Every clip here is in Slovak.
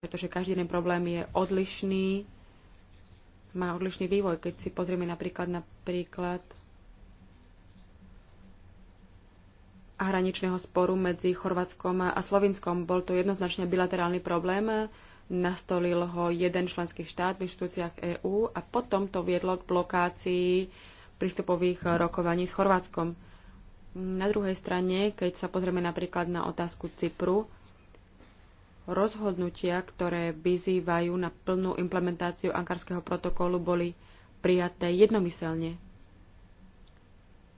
pretože každý jeden problém je odlišný, má odlišný vývoj. Keď si pozrieme napríklad na príklad hraničného sporu medzi Chorvátskom a Slovinskom, bol to jednoznačne bilaterálny problém, nastolil ho jeden členský štát v inštitúciách EÚ a potom to viedlo k blokácii prístupových rokovaní s Chorvátskom. Na druhej strane, keď sa pozrieme napríklad na otázku Cypru, rozhodnutia, ktoré vyzývajú na plnú implementáciu ankarského protokolu, boli prijaté jednomyselne.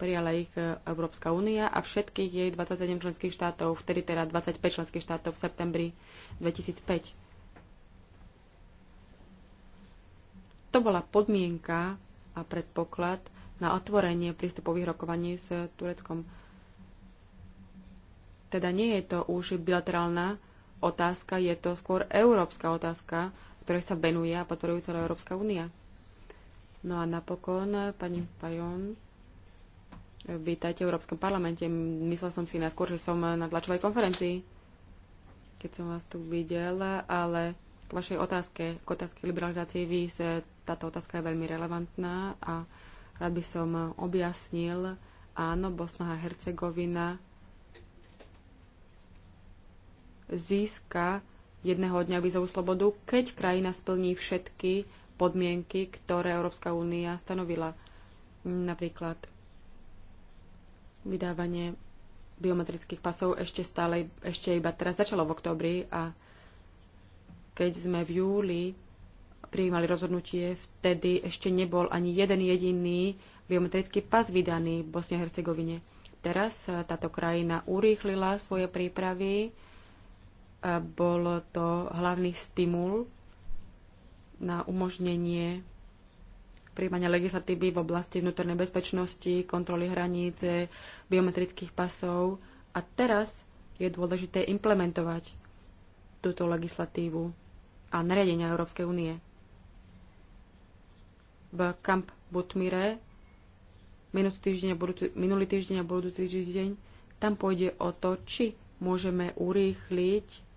Prijala ich e, Európska únia a všetkých jej 27 členských štátov, vtedy teda 25 členských štátov v septembri 2005. To bola podmienka a predpoklad na otvorenie prístupových rokovaní s Tureckom. Teda nie je to už bilaterálna otázka, je to skôr európska otázka, ktorej sa venuje a podporuje celá Európska únia. No a napokon, pani Fajon, vítajte v Európskom parlamente. Myslel som si najskôr, že som na tlačovej konferencii, keď som vás tu videl, ale k vašej otázke, k otázke liberalizácie víz, táto otázka je veľmi relevantná a rád by som objasnil, áno, Bosna a Hercegovina získa jedného dňa vízovú slobodu, keď krajina splní všetky podmienky, ktoré Európska únia stanovila. Napríklad vydávanie biometrických pasov ešte stále, ešte iba teraz začalo v oktobri a keď sme v júli prijímali rozhodnutie, vtedy ešte nebol ani jeden jediný biometrický pas vydaný v Bosne a Hercegovine. Teraz táto krajina urýchlila svoje prípravy, bol to hlavný stimul na umožnenie príjmania legislatívy v oblasti vnútornej bezpečnosti, kontroly hranice, biometrických pasov. A teraz je dôležité implementovať túto legislatívu a nariadenia Európskej únie. V Camp Butmire minulý týždeň a budúci, minulý týždeň a budúci týždeň tam pôjde o to, či môžeme urýchliť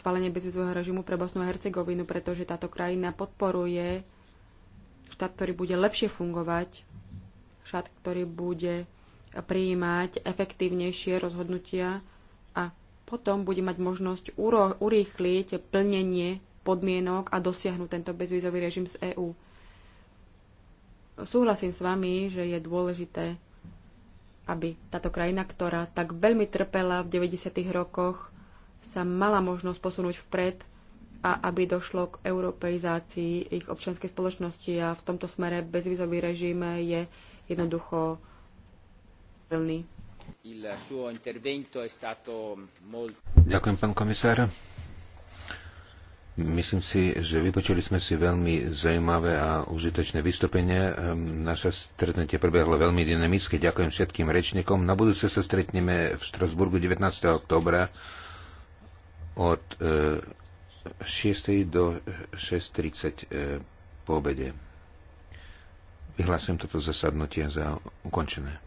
schválenie bezvizového režimu pre Bosnu a Hercegovinu, pretože táto krajina podporuje štát, ktorý bude lepšie fungovať, štát, ktorý bude prijímať efektívnejšie rozhodnutia a potom bude mať možnosť urýchliť plnenie podmienok a dosiahnuť tento bezvízový režim z EÚ. Súhlasím s vami, že je dôležité, aby táto krajina, ktorá tak veľmi trpela v 90. rokoch, sa mala možnosť posunúť vpred a aby došlo k europeizácii ich občianskej spoločnosti a v tomto smere bezvizový režim je jednoducho plný. Ďakujem, pán komisár. Myslím si, že vypočuli sme si veľmi zaujímavé a užitočné vystúpenie. Ehm, naše stretnutie prebehlo veľmi dynamicky. Ďakujem všetkým rečníkom. Na budúce sa stretneme v Štrasburgu 19. oktobra od 6. E, do 6.30 e, po obede. Vyhlasujem toto zasadnutie za ukončené.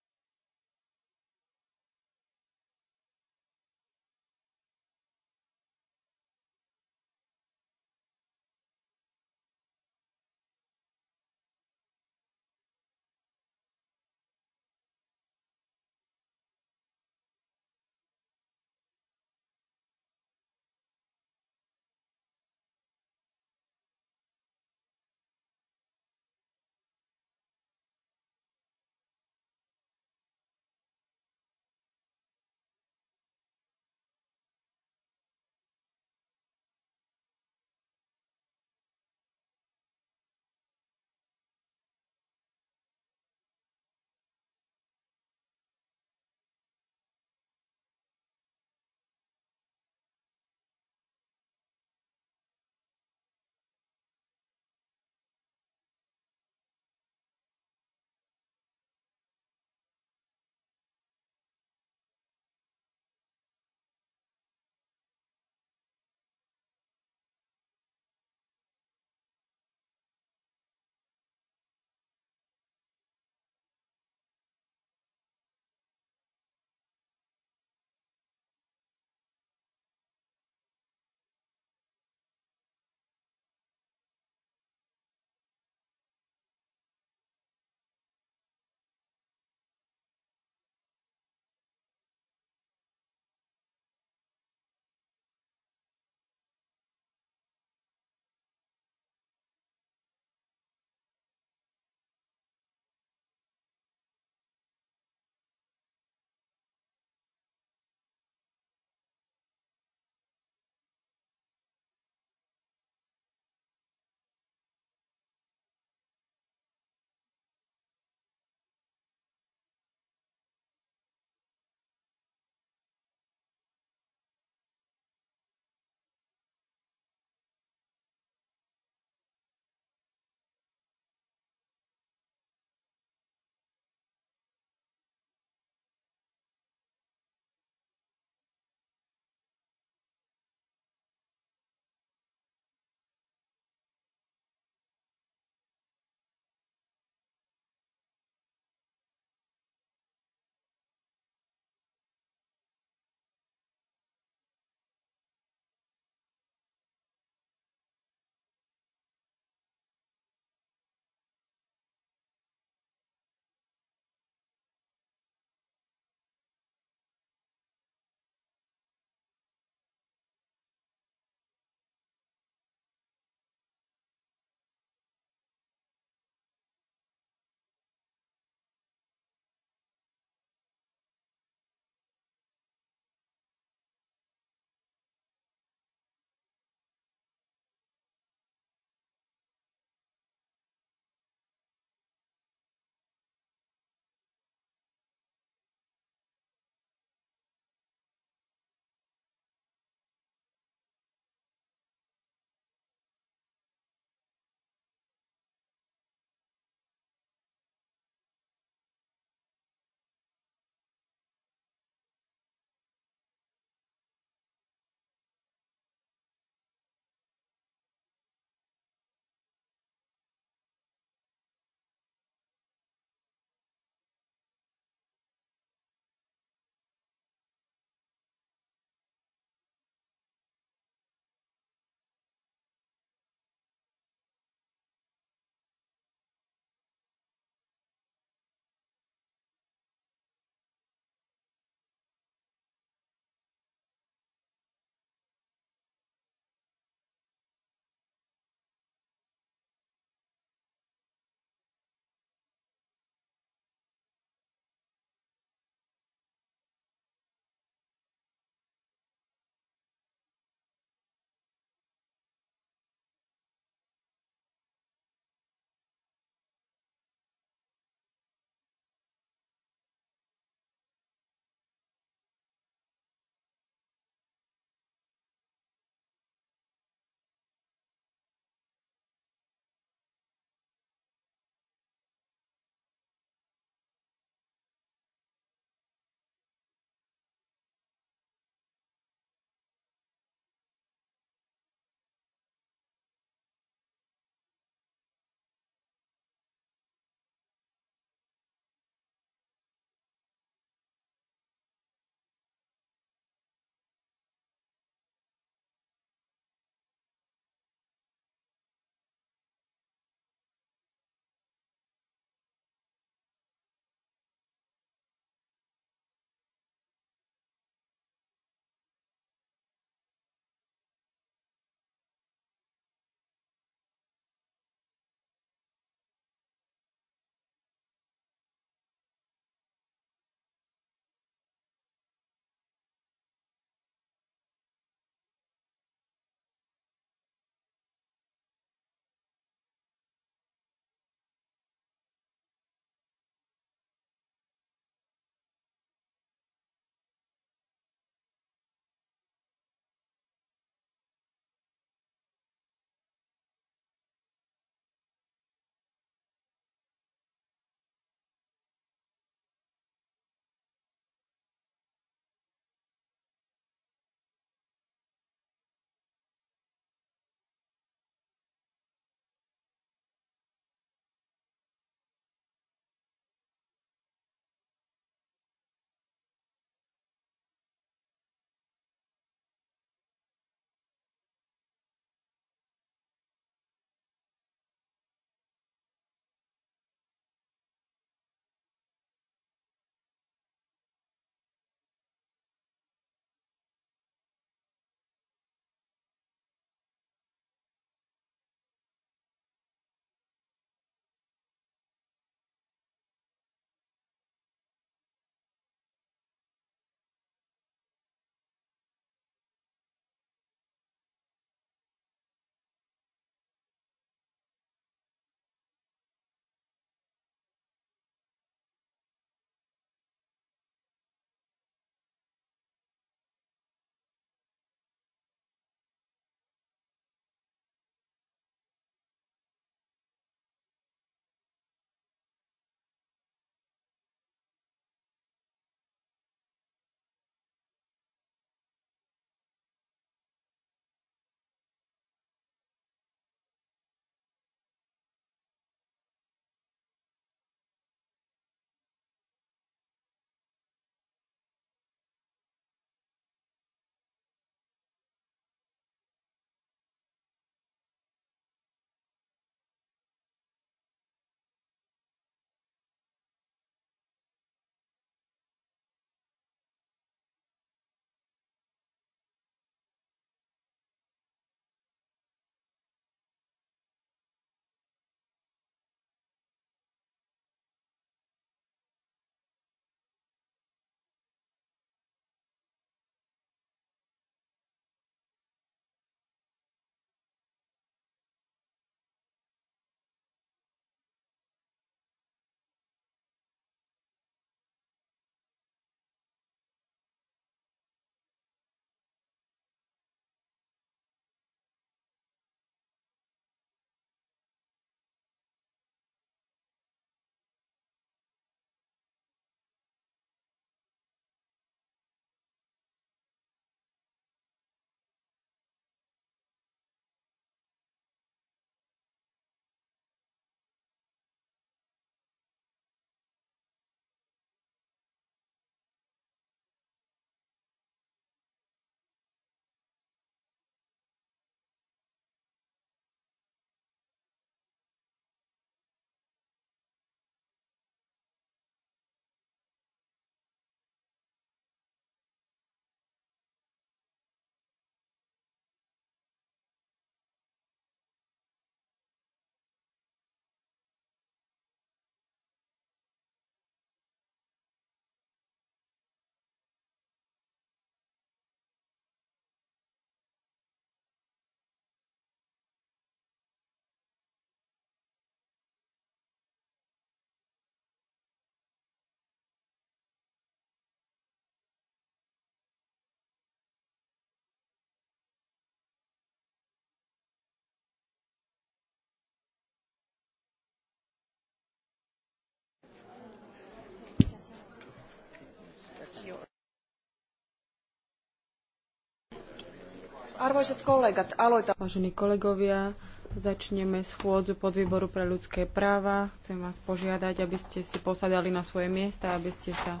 Arvoisat kollegat, aloita. Vážení kolegovia, začneme schôdzu pod výboru pre ľudské práva. Chcem vás požiadať, aby ste si posadali na svoje miesta, aby ste sa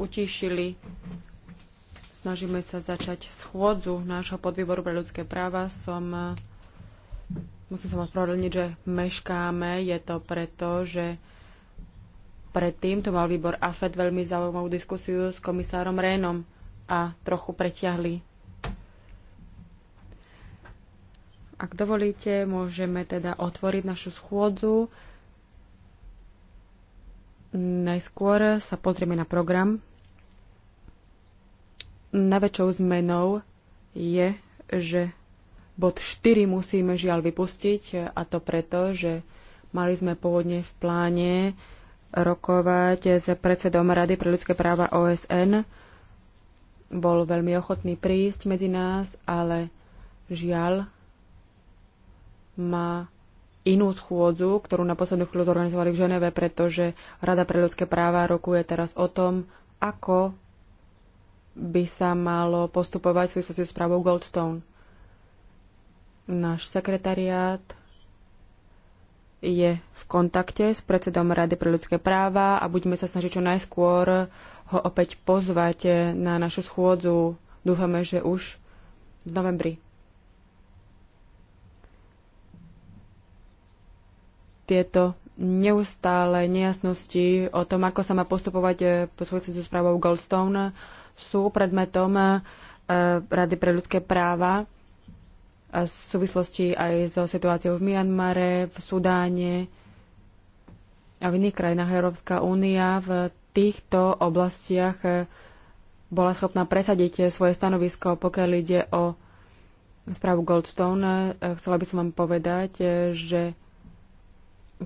utišili. Snažíme sa začať schôdzu nášho podvýboru pre ľudské práva. Som, musím sa vás spravedlniť, že meškáme. Je to preto, že predtým to mal výbor AFED veľmi zaujímavú diskusiu s komisárom Rénom a trochu preťahli Ak dovolíte, môžeme teda otvoriť našu schôdzu. Najskôr sa pozrieme na program. Najväčšou zmenou je, že bod 4 musíme žiaľ vypustiť a to preto, že mali sme pôvodne v pláne rokovať s predsedom Rady pre ľudské práva OSN. Bol veľmi ochotný prísť medzi nás, ale žiaľ má inú schôdzu, ktorú na poslednú chvíľu zorganizovali v Ženeve, pretože Rada pre ľudské práva rokuje teraz o tom, ako by sa malo postupovať v súvislosti s právou Goldstone. Náš sekretariát je v kontakte s predsedom Rady pre ľudské práva a budeme sa snažiť čo najskôr ho opäť pozvať na našu schôdzu. Dúfame, že už v novembri. tieto neustále nejasnosti o tom, ako sa má postupovať po eh, súvislosti so správou Goldstone, sú predmetom eh, Rady pre ľudské práva a v súvislosti aj so situáciou v Mianmare, v Sudáne a v iných krajinách Európska únia v týchto oblastiach eh, bola schopná presadiť svoje stanovisko, pokiaľ ide o správu Goldstone. Chcela by som vám povedať, že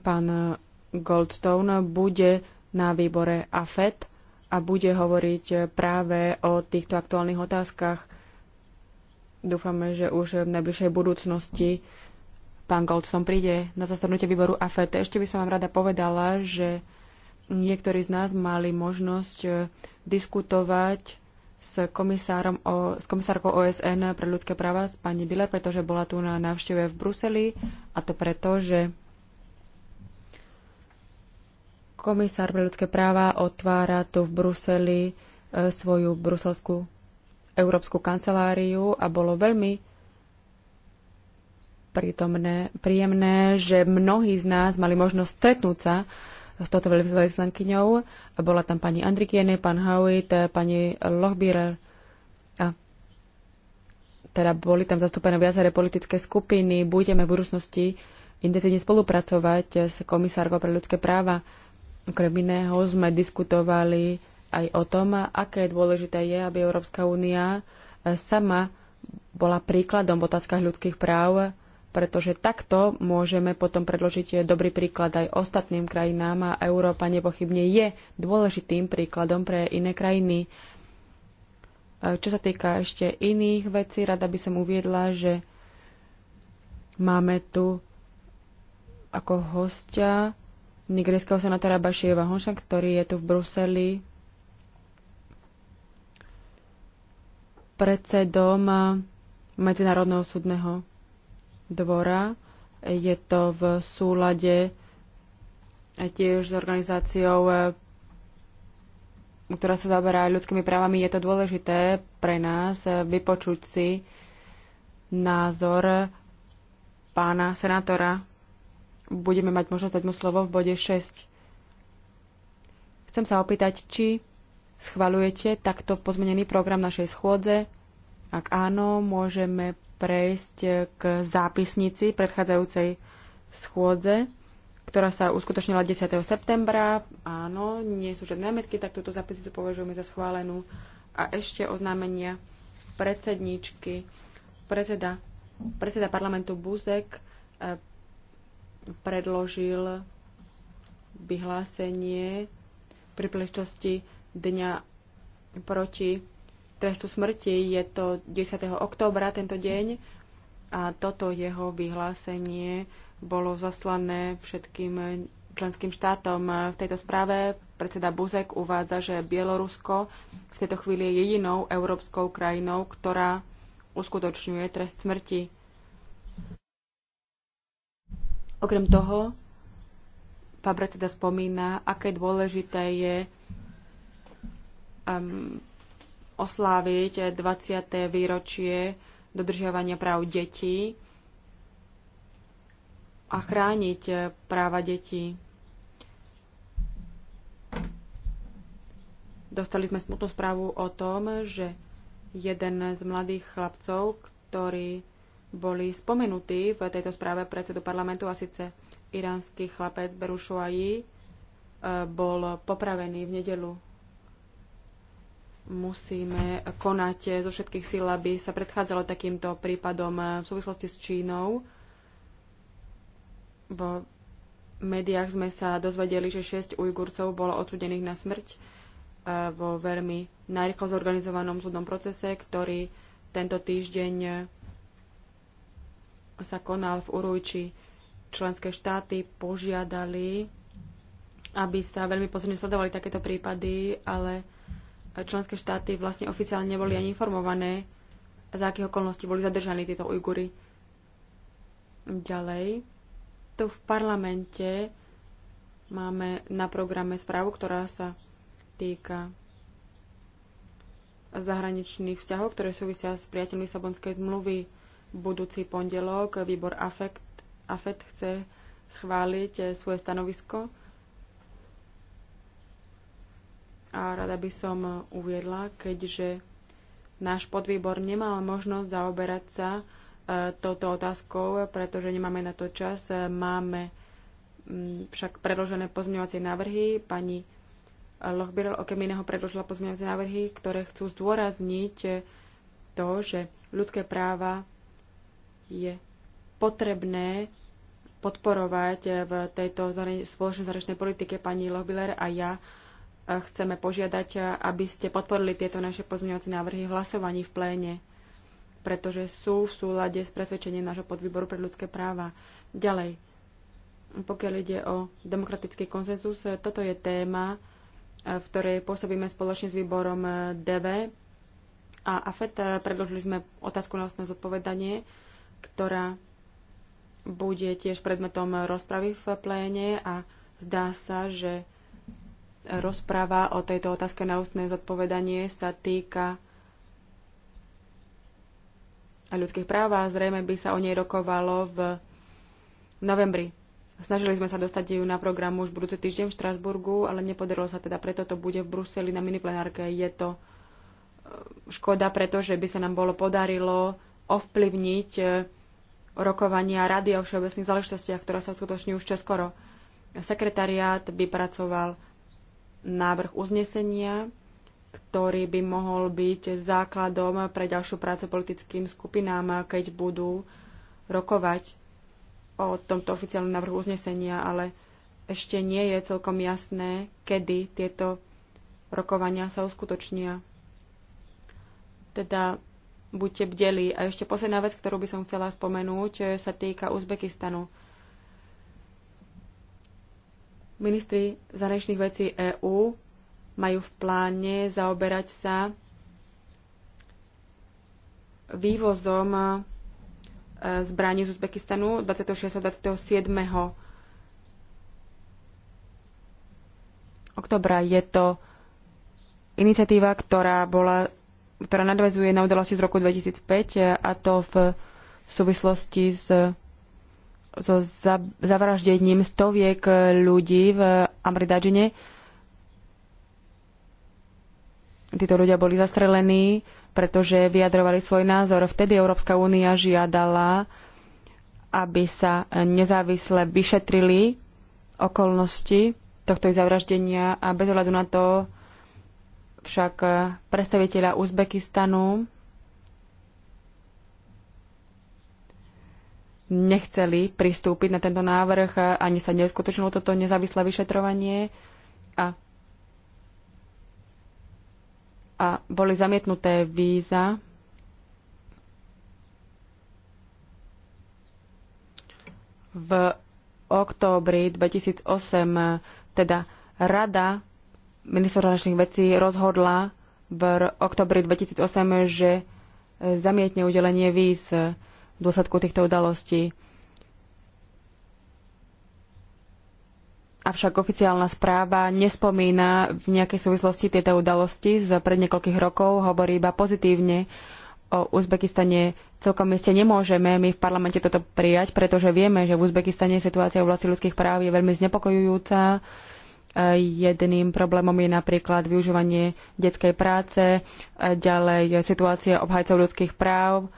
Pán Goldstone bude na výbore AFED a bude hovoriť práve o týchto aktuálnych otázkach. Dúfame, že už v najbližšej budúcnosti pán Goldstone príde na zastavnutie výboru AFET. Ešte by som vám rada povedala, že niektorí z nás mali možnosť diskutovať s, komisárom o, s komisárkou OSN pre ľudské práva, s pani Biller, pretože bola tu na návšteve v Bruseli a to preto, že Komisár pre ľudské práva otvára tu v Bruseli e, svoju bruselskú európsku kanceláriu a bolo veľmi prítomné, príjemné, že mnohí z nás mali možnosť stretnúť sa s touto veľvyslankyňou. Bola tam pani Andrikiene, pán Howitt, pani Lochbierer a teda boli tam zastúpené viaceré politické skupiny. Budeme v budúcnosti intenzívne spolupracovať s komisárkou pre ľudské práva. Okrem iného sme diskutovali aj o tom, aké dôležité je, aby Európska únia e, sama bola príkladom v otázkach ľudských práv, pretože takto môžeme potom predložiť dobrý príklad aj ostatným krajinám a Európa nepochybne je dôležitým príkladom pre iné krajiny. E, čo sa týka ešte iných vecí, rada by som uviedla, že máme tu ako hostia nigerijského senátora Bašieva Honša, ktorý je tu v Bruseli predsedom Medzinárodného súdneho dvora. Je to v súlade tiež s organizáciou, ktorá sa zaoberá ľudskými právami. Je to dôležité pre nás vypočuť si názor pána senátora budeme mať možnosť dať mu slovo v bode 6. Chcem sa opýtať, či schvalujete takto pozmenený program našej schôdze. Ak áno, môžeme prejsť k zápisnici predchádzajúcej schôdze, ktorá sa uskutočnila 10. septembra. Áno, nie sú žiadne námetky, tak túto zápisnicu považujeme za schválenú. A ešte oznámenia predsedničky. Predseda, predseda parlamentu Buzek predložil vyhlásenie pri príležitosti Dňa proti trestu smrti. Je to 10. októbra tento deň a toto jeho vyhlásenie bolo zaslané všetkým členským štátom. V tejto správe predseda Buzek uvádza, že Bielorusko v tejto chvíli je jedinou európskou krajinou, ktorá uskutočňuje trest smrti. Okrem toho, pán predseda spomína, aké dôležité je um, osláviť 20. výročie dodržiavania práv detí a chrániť práva detí. Dostali sme smutnú správu o tom, že jeden z mladých chlapcov, ktorý boli spomenutí v tejto správe predsedu parlamentu a síce iránsky chlapec Berušuají e, bol popravený v nedelu. Musíme konať zo všetkých síl, aby sa predchádzalo takýmto prípadom e, v súvislosti s Čínou. V médiách sme sa dozvedeli, že 6 Ujgurcov bolo odsudených na smrť e, vo veľmi najrychlo zorganizovanom súdnom procese, ktorý tento týždeň sa konal v Urujči. Členské štáty požiadali, aby sa veľmi pozorne sledovali takéto prípady, ale členské štáty vlastne oficiálne neboli ani informované, za akých okolností boli zadržaní títo Ujgury. Ďalej, tu v parlamente máme na programe správu, ktorá sa týka zahraničných vzťahov, ktoré súvisia s priateľmi Sabonskej zmluvy budúci pondelok výbor AFET, AFET chce schváliť eh, svoje stanovisko. A rada by som eh, uviedla, keďže náš podvýbor nemal možnosť zaoberať sa eh, touto otázkou, pretože nemáme na to čas. Máme mm, však predložené pozmeňovacie návrhy. Pani Lochbirel okrem iného predložila pozmeňovacie návrhy, ktoré chcú zdôrazniť to, že ľudské práva je potrebné podporovať v tejto spoločnej zahraničnej politike pani Lochbiller a ja e, chceme požiadať, e, aby ste podporili tieto naše pozmeňovacie návrhy v hlasovaní v pléne, pretože sú v súlade s presvedčením nášho podvýboru pre ľudské práva. Ďalej, pokiaľ ide o demokratický konsenzus, e, toto je téma, v ktorej pôsobíme spoločne s výborom DV a AFET. Predložili sme otázku na zodpovedanie ktorá bude tiež predmetom rozpravy v pléne a zdá sa, že rozpráva o tejto otázke na ústne zodpovedanie sa týka ľudských práv a zrejme by sa o nej rokovalo v novembri. Snažili sme sa dostať ju na program už budúci týždeň v Štrasburgu, ale nepodarilo sa teda, preto to bude v Bruseli na miniplenárke. Je to e, škoda, pretože by sa nám bolo podarilo ovplyvniť e, rokovania Rady o všeobecných záležitostiach, ktorá sa skutoční už čoskoro. Sekretariát by pracoval návrh uznesenia, ktorý by mohol byť základom pre ďalšiu prácu politickým skupinám, keď budú rokovať o tomto oficiálnom návrhu uznesenia, ale ešte nie je celkom jasné, kedy tieto rokovania sa uskutočnia. Teda buďte bdeli. A ešte posledná vec, ktorú by som chcela spomenúť, e, sa týka Uzbekistanu. Ministri zahraničných vecí EÚ majú v pláne zaoberať sa vývozom e, zbraní z Uzbekistanu 26. a 27. oktobra. Je to iniciatíva, ktorá bola ktorá nadvezuje na udalosti z roku 2005 eh, a to v súvislosti s so za, zavraždením stoviek eh, ľudí v Amridadžine. Títo ľudia boli zastrelení, pretože vyjadrovali svoj názor. Vtedy Európska únia žiadala, aby sa nezávisle vyšetrili okolnosti tohto ich zavraždenia a bez ohľadu na to, však eh, predstaviteľa Uzbekistanu nechceli pristúpiť na tento návrh, eh, ani sa neskutočnilo toto nezávislé vyšetrovanie a, a boli zamietnuté víza. V októbri 2008 eh, teda rada minister zahraničných vecí rozhodla v oktobri 2008, že e, zamietne udelenie víz v dôsledku týchto udalostí. Avšak oficiálna správa nespomína v nejakej súvislosti tieto udalosti z pred niekoľkých rokov, hovorí iba pozitívne o Uzbekistane. Celkom iste nemôžeme my v parlamente toto prijať, pretože vieme, že v Uzbekistane situácia v oblasti ľudských práv je veľmi znepokojujúca. Jedným problémom je napríklad využívanie detskej práce, ďalej situácia obhajcov ľudských práv.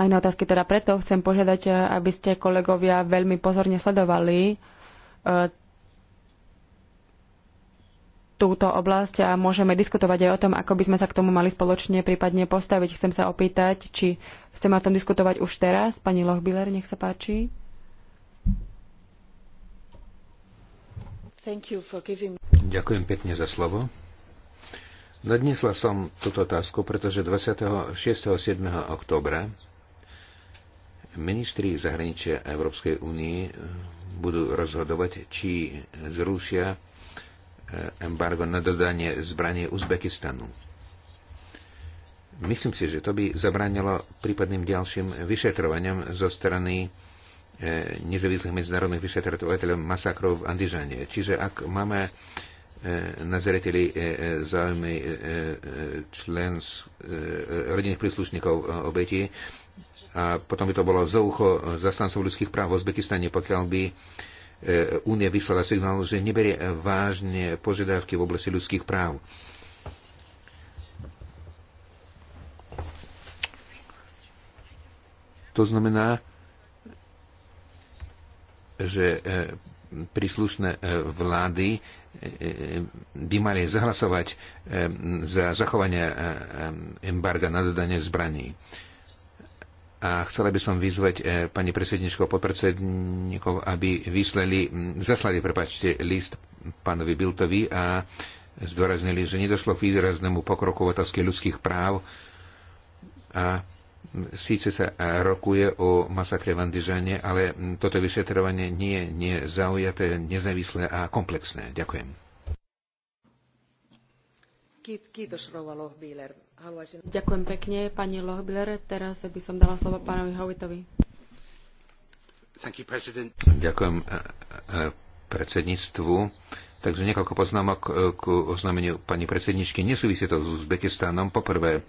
Aj na otázky teda preto chcem požiadať, aby ste kolegovia veľmi pozorne sledovali e, túto oblasť a môžeme diskutovať aj o tom, ako by sme sa k tomu mali spoločne prípadne postaviť. Chcem sa opýtať, či chceme o tom diskutovať už teraz. Pani Lochbiller, nech sa páči. Ďakujem pekne za slovo. Nadnesla som túto otázku, pretože 26. 7. oktobra ministri zahraničia Európskej únie eh, budú rozhodovať, či zrušia eh, embargo na dodanie zbranie Uzbekistanu. Myslím si, že to by zabránilo prípadným ďalším vyšetrovaniam zo strany E, nezávislých medzinárodných vyšetrovateľov masakrov v Andižane. Čiže ak máme e, na zreteli e, záujmy člen rodinných príslušníkov obeti a potom by to bolo za ucho zastancov ľudských práv v Uzbekistane, pokiaľ by Únia vyslala signál, že neberie vážne požiadavky v oblasti ľudských práv. To znamená, že e, príslušné e, vlády e, by mali zahlasovať za zachovanie embarga na dodanie zbraní. A chcela by som vyzvať pani predsedničko a podpredsedníkov, aby vyslali, zaslali, prepačte, list pánovi Biltovi a zdôraznili, že nedošlo k výraznému pokroku v otázke ľudských práv a Síce sa rokuje o masakre v Andižane, ale toto vyšetrovanie nie je nezaujaté, nezávislé a komplexné. Ďakujem. Ďakujem pekne, pani Lohbiller. Teraz by som dala slovo pánovi Hovitovi. Ďakujem e, e, predsedníctvu. Takže niekoľko poznámok e, k oznámeniu pani predsedničky. Nesúvisí to s Uzbekistanom. Poprvé,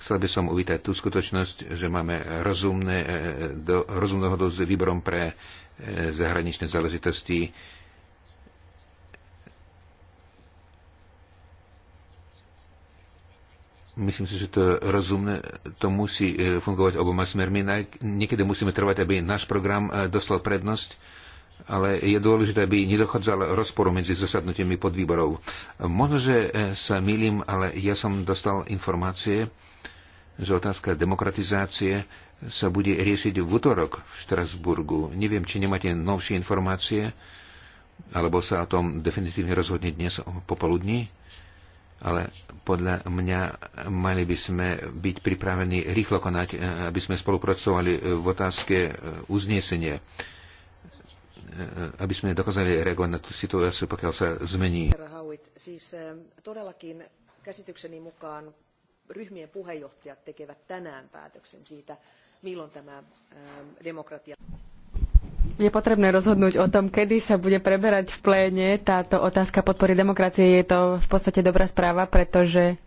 Chcel by som uvítať tú skutočnosť, že máme rozumné, e, do, rozumnú hodu s výborom pre e, zahraničné záležitosti. Myslím si, že to rozumné. To musí e, fungovať oboma smermi. Niekedy musíme trvať, aby náš program dostal prednosť, ale je dôležité, aby nedochádzalo rozporu medzi zasadnutiami podvýborov. Možno, že sa milím, ale ja som dostal informácie, že otázka demokratizácie sa bude riešiť v útorok v Štrasburgu. Neviem, či nemáte novšie informácie, alebo sa o tom definitívne rozhodne dnes popoludní, ale podľa mňa mali by sme byť pripravení rýchlo konať, eh, aby sme spolupracovali v otázke eh, uznesenia, eh, aby sme dokázali reagovať na tú situáciu, pokiaľ sa zmení ryhmien puheenjohtajat tekevät tänään päätöksen siitä, milloin tämä ähm, demokratia... Je potrebné rozhodnúť o tom, kedy sa bude preberať v pléne táto otázka podpory demokracie. Je to v podstate dobrá správa, pretože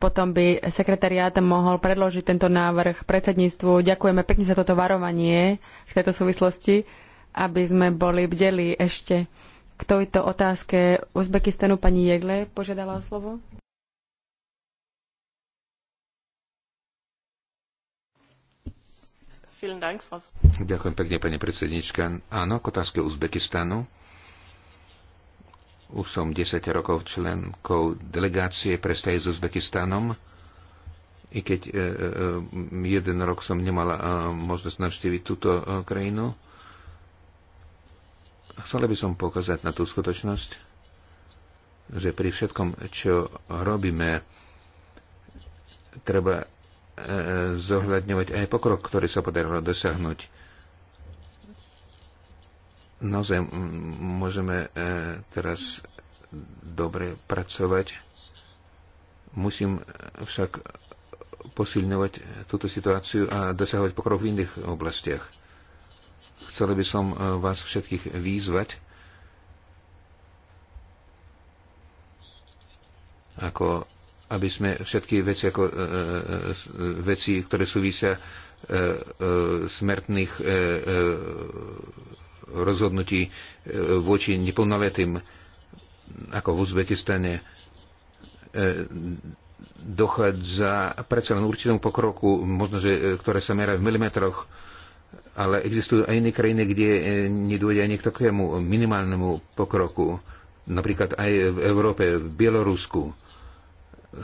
potom by sekretariát mohol predložiť tento návrh predsedníctvu. Ďakujeme pekne za toto varovanie v tejto súvislosti, aby sme boli bdeli ešte k tejto otázke Uzbekistanu. Pani Jegle požiadala o slovo. Ďakujem pekne, pani predsednička. Áno, k otázke Uzbekistanu. Už som 10 rokov členkou delegácie pre s Uzbekistanom. I keď e, e, e, jeden rok som nemala e, možnosť navštíviť túto e, krajinu, chcela by som pokazať na tú skutočnosť, že pri všetkom, čo robíme, treba zohľadňovať aj pokrok, ktorý sa podarilo dosiahnuť. Naozaj môžeme e, teraz dobre pracovať. Musím však posilňovať túto situáciu a dosahovať pokrok v iných oblastiach. Chcel by som e, vás všetkých výzvať, ako aby sme všetky veci, ako, e, e, e, veci ktoré súvisia smertných rozhodnutí voči neplnoletým, ako v Uzbekistane, dochádza predsa len určitému pokroku, možno, že, ktoré sa merá v milimetroch, ale existujú aj iné krajiny, kde nedôjde ani k takému minimálnemu pokroku. Napríklad aj v Európe, v Bielorusku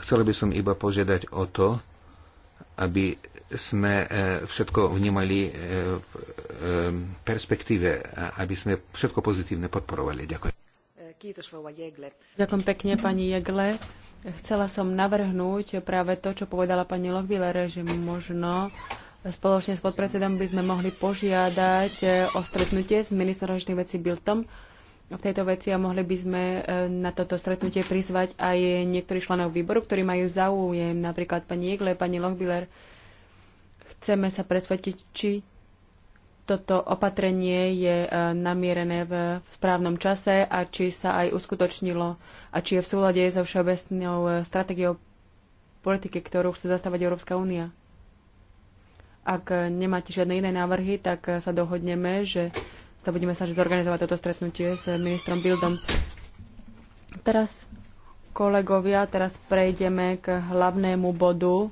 Chcel by som iba požiadať o to, aby sme e, všetko vnímali e, v e, perspektíve, aby sme všetko pozitívne podporovali. Ďakujem. Ďakujem pekne, pani Jegle. Chcela som navrhnúť práve to, čo povedala pani Lochbiller, že možno spoločne s podpredsedom by sme mohli požiadať o stretnutie s ministrom vecí Biltom, v tejto veci a mohli by sme e, na toto stretnutie prizvať aj niektorých členov výboru, ktorí majú záujem, napríklad pani Jegle, pani Lochbiller. Chceme sa presvedčiť, či toto opatrenie je e, namierené v správnom čase a či sa aj uskutočnilo a či je v súlade so všeobecnou e, stratégiou politiky, ktorú chce zastávať Európska únia. Ak nemáte žiadne iné návrhy, tak sa dohodneme, že sa budeme snažiť zorganizovať toto stretnutie s ministrom Bildom. Teraz, kolegovia, teraz prejdeme k hlavnému bodu.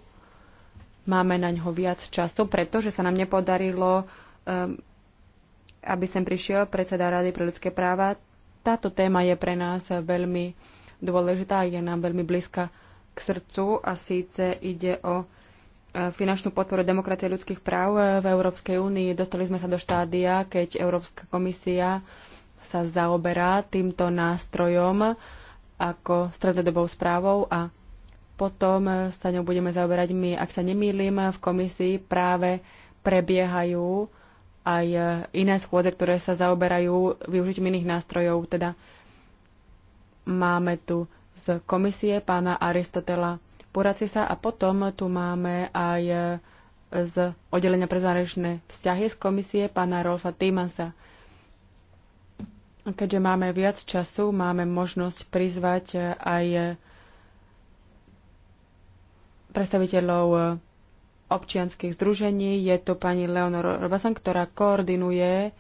Máme na ňo viac času, pretože sa nám nepodarilo, um, aby sem prišiel predseda Rady pre ľudské práva. Táto téma je pre nás veľmi dôležitá, je nám veľmi blízka k srdcu a síce ide o finančnú podporu demokracie ľudských práv eh, v Európskej únii. Dostali sme sa do štádia, keď Európska komisia sa zaoberá týmto nástrojom ako stredodobou správou a potom eh, sa ňou budeme zaoberať my. Ak sa nemýlim, v komisii práve prebiehajú aj eh, iné schôdze, ktoré sa zaoberajú využitím iných nástrojov. Teda máme tu z komisie pána Aristotela poradci sa a potom tu máme aj e, z oddelenia pre zárežné vzťahy z komisie pána Rolfa Týmansa. Keďže máme viac času, máme možnosť prizvať e, aj e, predstaviteľov občianských združení. Je to pani Leonor Robasan, ktorá koordinuje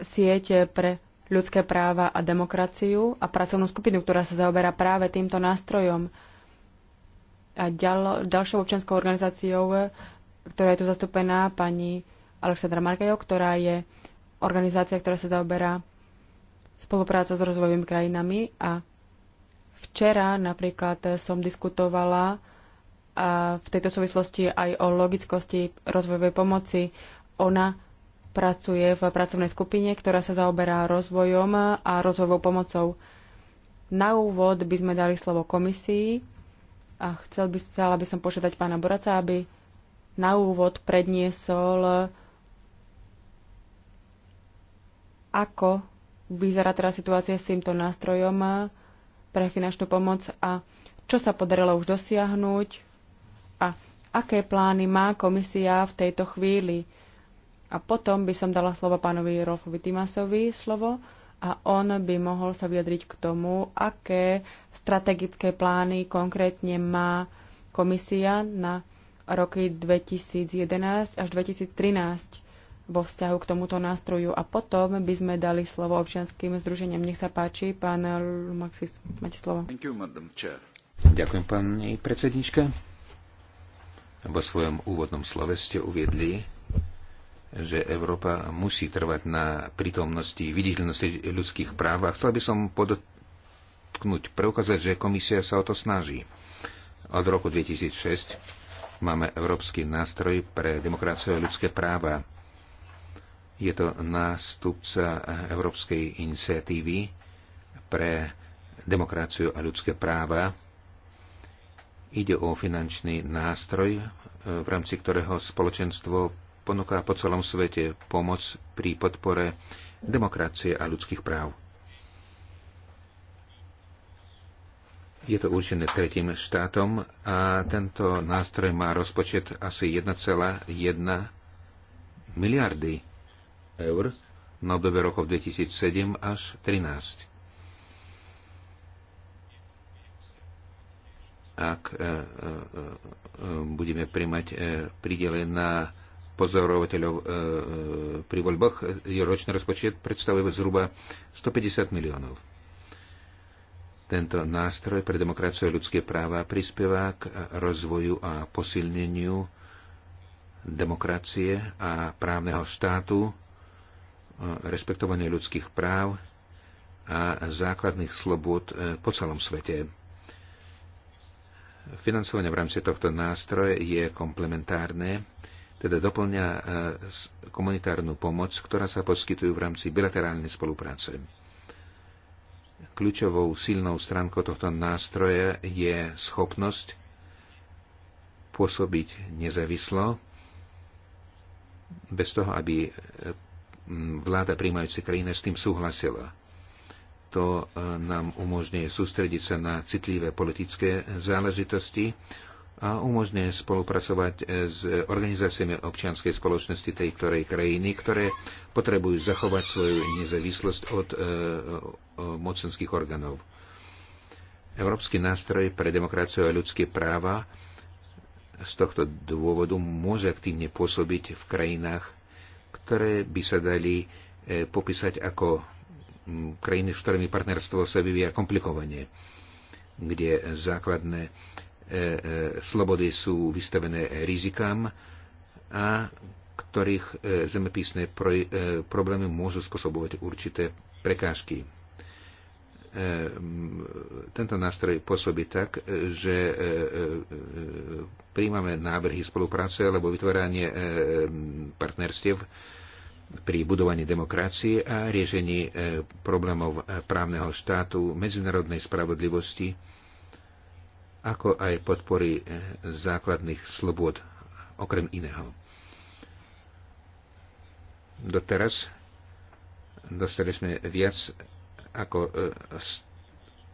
siete pre ľudské práva a demokraciu a pracovnú skupinu, ktorá sa zaoberá práve týmto nástrojom a ďal, ďalšou občianskou organizáciou, ktorá je tu zastúpená, pani Aleksandra Markajo, ktorá je organizácia, ktorá sa zaoberá spoluprácou s rozvojovými krajinami a včera napríklad som diskutovala a v tejto súvislosti aj o logickosti rozvojovej pomoci. Ona pracuje v pracovnej skupine, ktorá sa zaoberá rozvojom a rozvojovou pomocou. Na úvod by sme dali slovo komisii a chcel by, chcela by som požiadať pána Boraca, aby na úvod predniesol, ako vyzerá teraz situácia s týmto nástrojom pre finančnú pomoc a čo sa podarilo už dosiahnuť a aké plány má komisia v tejto chvíli a potom by som dala slovo pánovi Rolfovi Timasovi slovo a on by mohol sa vyjadriť k tomu, aké strategické plány konkrétne má komisia na roky 2011 až 2013 vo vzťahu k tomuto nástroju a potom by sme dali slovo občianským združeniam. Nech sa páči, pán Maxis, máte slovo. You, Ďakujem, pani predsednička. Vo svojom úvodnom slove ste uviedli, že Európa musí trvať na prítomnosti, viditeľnosti ľudských práv a chcel by som podotknúť, preukázať, že komisia sa o to snaží. Od roku 2006 máme Európsky nástroj pre demokraciu a ľudské práva. Je to nástupca Európskej iniciatívy pre demokraciu a ľudské práva. Ide o finančný nástroj, v rámci ktorého spoločenstvo ponúka po celom svete pomoc pri podpore demokracie a ľudských práv. Je to určené tretím štátom a tento nástroj má rozpočet asi 1,1 miliardy eur na obdobie rokov 2007 až 2013. Ak e, e, e, budeme e, pridelené na pozorovateľov e, e, pri voľbách, je ročný rozpočet predstavuje zhruba 150 miliónov. Tento nástroj pre demokraciu a ľudské práva prispieva k rozvoju a posilneniu demokracie a právneho štátu, e, respektovanie ľudských práv a základných slobod po celom svete. Financovanie v rámci tohto nástroja je komplementárne teda doplňa e, komunitárnu pomoc, ktorá sa poskytuje v rámci bilaterálnej spolupráce. Kľúčovou silnou stránkou tohto nástroja je schopnosť pôsobiť nezávislo, bez toho, aby e, vláda príjmajúcej krajiny s tým súhlasila. To e, nám umožňuje sústrediť sa na citlivé politické záležitosti, a umožňuje spolupracovať e, s organizáciami občianskej spoločnosti tej ktorej krajiny, ktoré potrebujú zachovať svoju nezávislosť od e, mocenských orgánov. Európsky nástroj pre demokraciu a ľudské práva z tohto dôvodu môže aktívne pôsobiť v krajinách, ktoré by sa dali e, popísať ako krajiny, s ktorými partnerstvo sa vyvíja komplikovanie, kde základné E, e, slobody sú vystavené rizikám a ktorých e, zemepisné problémy môžu spôsobovať určité prekážky. Tento nástroj pôsobí tak, že príjmame návrhy spolupráce alebo vytváranie partnerstiev pri budovaní demokracie a riešení problémov právneho štátu, medzinárodnej spravodlivosti, ako aj podpory eh, základných slobod, okrem iného. Doteraz dostali sme viac ako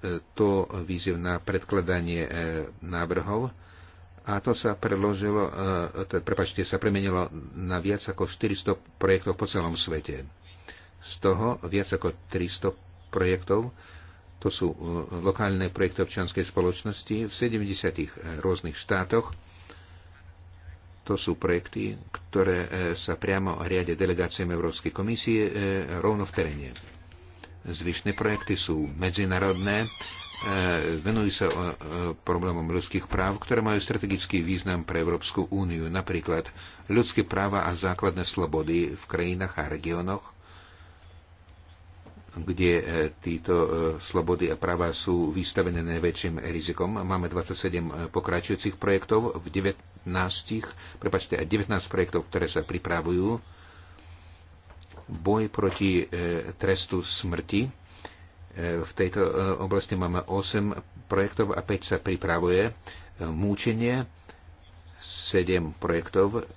100 eh, eh, víziev na predkladanie návrhov a to sa preložilo, to, prepačte, sa premenilo na viac ako 400 projektov po celom svete. Z toho viac ako 300 projektov to sú e, lokálne projekty občianskej spoločnosti v 70 e, rôznych štátoch. To sú projekty, ktoré e, sa priamo riade delegáciami Európskej komisie rovno v teréne. Zvyšné projekty sú medzinárodné, venujú sa problémom ľudských práv, ktoré majú strategický význam pre Európsku úniu, napríklad ľudské práva a základné slobody v krajinách a regiónoch, kde e, títo e, slobody a práva sú vystavené najväčším rizikom. Máme 27 e, pokračujúcich projektov, v 19, prepačte, 19 projektov, ktoré sa pripravujú. Boj proti trestu smrti. V tejto oblasti máme 8 projektov a 5 sa pripravuje. Múčenie, 7 projektov,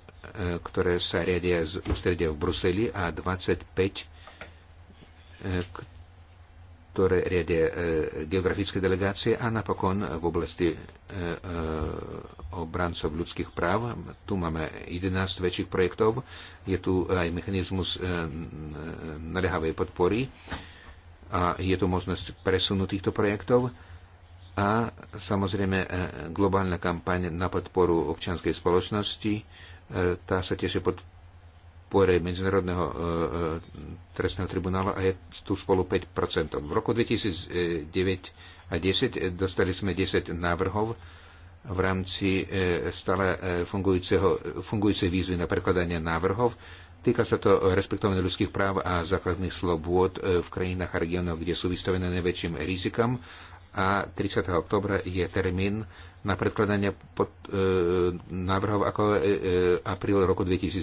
ktoré sa riadia z ústredia v Bruseli a 25 ktoré riadia e, geografické delegácie a napokon v oblasti e, e, obrancov ľudských práv. Tu máme 11 väčších projektov. Je tu aj mechanizmus naliehavej podpory a je tu možnosť presunu týchto projektov a samozrejme globálna kampaň na podporu občianskej spoločnosti. Tá sa tiež pod podpore Medzinárodného e, e, trestného tribunála a je tu spolu 5 V roku 2009 a 10 e, dostali sme 10 návrhov v rámci stále fungujúcej výzvy na prekladanie návrhov. Týka sa to respektovania ľudských práv a základných slobôd v krajinách a regiónoch, kde sú vystavené najväčším rizikom a 30. oktobra je termín na predkladanie pod, e, návrhov ako e, e, apríl roku 2010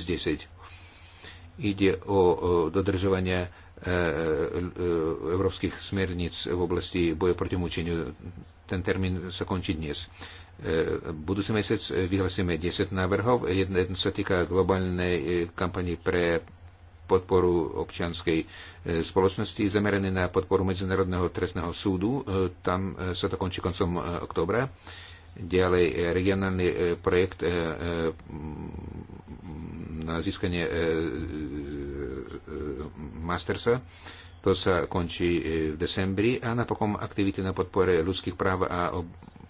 Ide o dodržovanie e, e, európskych smerníc v oblasti boja proti mučeniu. Ten termín sa končí dnes. E, budúci mesiac vyhlasíme 10 návrhov. Jeden sa týka globálnej kampani pre podporu občianskej spoločnosti zameraný na podporu Medzinárodného trestného súdu. Tam sa to končí koncom októbra. Ďalej regionálny projekt na získanie e, e, e, mastersa. To sa končí v decembri a napokon aktivity na podpore ľudských práv a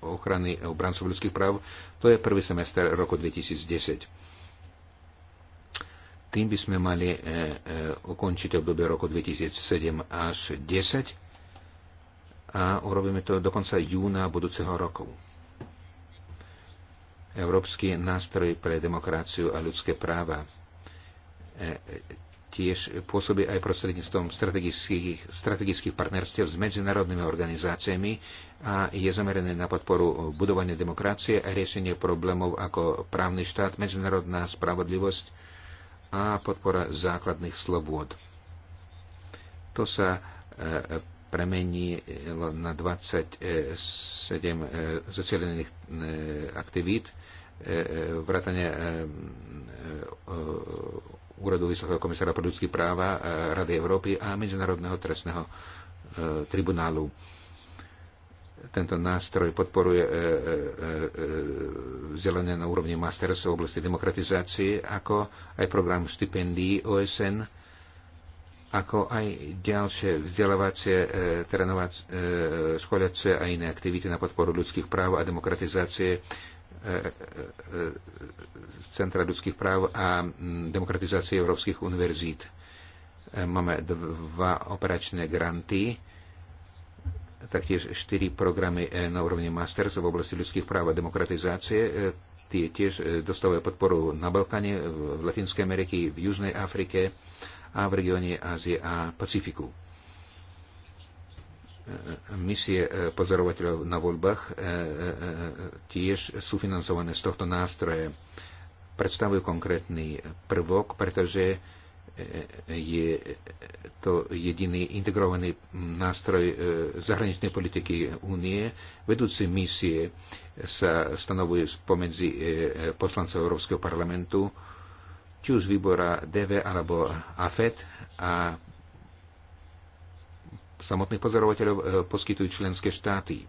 ochrany obrancov ľudských práv. To je prvý semester roku 2010. Tým by sme mali ukončiť obdobie roku 2007 až 2010 a urobíme to do konca júna budúceho roku. Európsky nástroj pre demokraciu a ľudské práva e, tiež pôsobí aj prostredníctvom strategických, strategických partnerstiev s medzinárodnými organizáciami a je zameraný na podporu budovania demokracie a riešenie problémov ako právny štát, medzinárodná spravodlivosť a podpora základných slobôd. To sa e, premení eh, na 27 zocielených eh, eh, aktivít, vrátane Úradu Vysokého komisára pro ľudské práva Rady Európy a Medzinárodného trestného tribunálu. Tento nástroj podporuje vzdelanie na úrovni Masters v oblasti demokratizácie, ako aj program stipendií OSN, ako aj ďalšie vzdelávacie, e, trénovacie, školiace a iné aktivity na podporu ľudských práv a demokratizácie e, e, Centra ľudských práv a demokratizácie európskych univerzít. Máme dva operačné granty, taktiež štyri programy na úrovni Masters v oblasti ľudských práv a demokratizácie. Tie tiež dostávajú podporu na Balkáne, v Latinskej Amerike, v Južnej Afrike a v regióne Ázie a Pacifiku. Misie e, pozorovateľov na voľbách e, e, tiež sú financované z tohto nástroje. Predstavujú konkrétny prvok, pretože je to jediný integrovaný nástroj zahraničnej politiky únie. Vedúci misie sa stanovuje spomedzi poslancov Európskeho parlamentu či už z výbora DV alebo AFET a samotných pozorovateľov e, poskytujú členské štáty.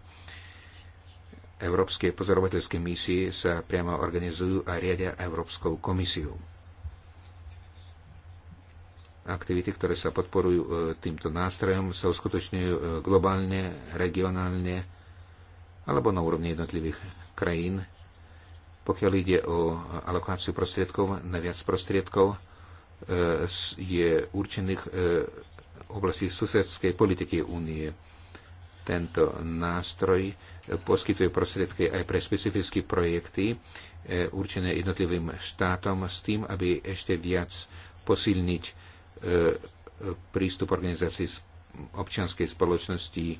Európske pozorovateľské misie sa priamo organizujú a riadia Európskou komisiu. Aktivity, ktoré sa podporujú e, týmto nástrojom, sa uskutočňujú e, globálne, regionálne alebo na úrovni jednotlivých krajín pokiaľ ide o alokáciu prostriedkov, viac prostriedkov e, je určených e, oblasti susedskej politiky únie. Tento nástroj e, poskytuje prostriedky aj pre špecifické projekty určené jednotlivým štátom s tým, aby ešte viac posilniť prístup organizácií občianskej spoločnosti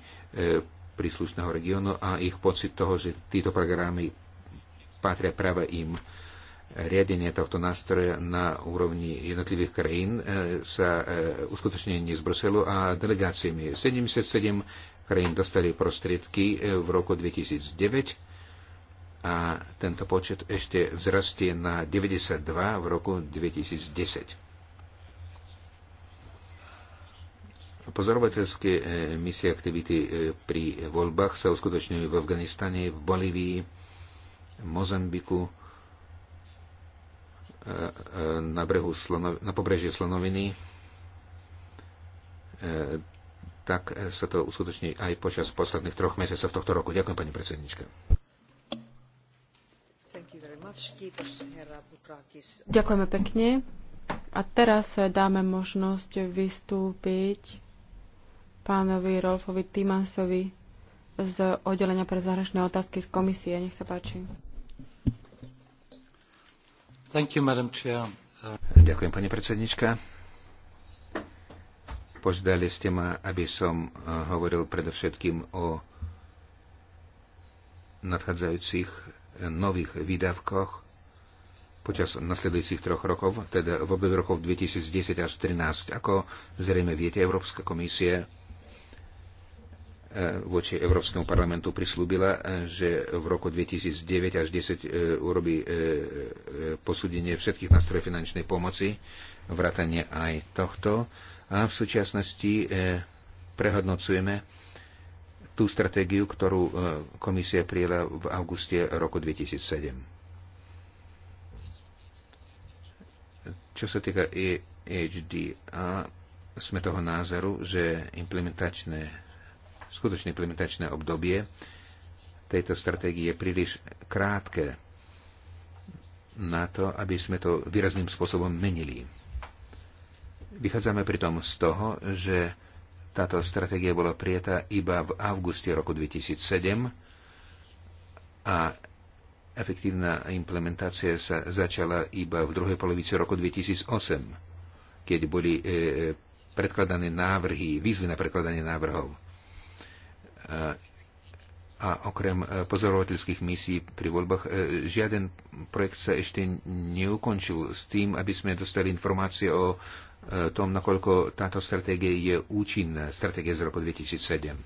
príslušného regiónu a ich pocit toho, že títo programy patria práve im. Riadenie tohto nástroja na úrovni jednotlivých krajín e, sa e, uskutočnenie z Bruselu a delegáciami. 77 krajín dostali prostriedky e, v roku 2009 a tento počet ešte vzrastie na 92 v roku 2010. Pozorovateľské misie aktivity pri voľbách sa uskutočňujú v Afganistane, v Bolívii, Mozambiku e, e, na, brehu slono, na pobreží Slonoviny. E, tak sa to uskutoční aj počas posledných troch mesiacov tohto roku. Ďakujem, pani predsednička. Ďakujeme pekne. A teraz dáme možnosť vystúpiť pánovi Rolfovi Timansovi z oddelenia pre zahraničné otázky z komisie. Nech sa páči. You, Požiadali ste ma, aby som eh, hovoril predovšetkým o nadchádzajúcich eh, nových výdavkoch počas nasledujúcich troch rokov, teda v období rokov 2010 až 2013. Ako zrejme viete, Európska komisia E, voči Európskemu parlamentu prislúbila, e, že v roku 2009 až 2010 e, urobí posúdenie všetkých nástrojov finančnej pomoci, vrátanie aj tohto. A v súčasnosti prehodnocujeme tú stratégiu, ktorú komisia prijela v auguste roku 2007. Čo sa týka EHDA, sme toho názoru, že implementačné skutočné implementačné obdobie tejto stratégie je príliš krátke na to, aby sme to výrazným spôsobom menili. Vychádzame pritom z toho, že táto stratégia bola prijatá iba v auguste roku 2007 a efektívna implementácia sa začala iba v druhej polovici roku 2008, keď boli e, predkladané návrhy, výzvy na predkladanie návrhov a okrem e, pozorovateľských misií pri voľbách e, žiaden projekt sa ešte neukončil s tým, aby sme dostali informácie o e, tom, nakoľko táto stratégia je účinná, stratégia z roku 2007.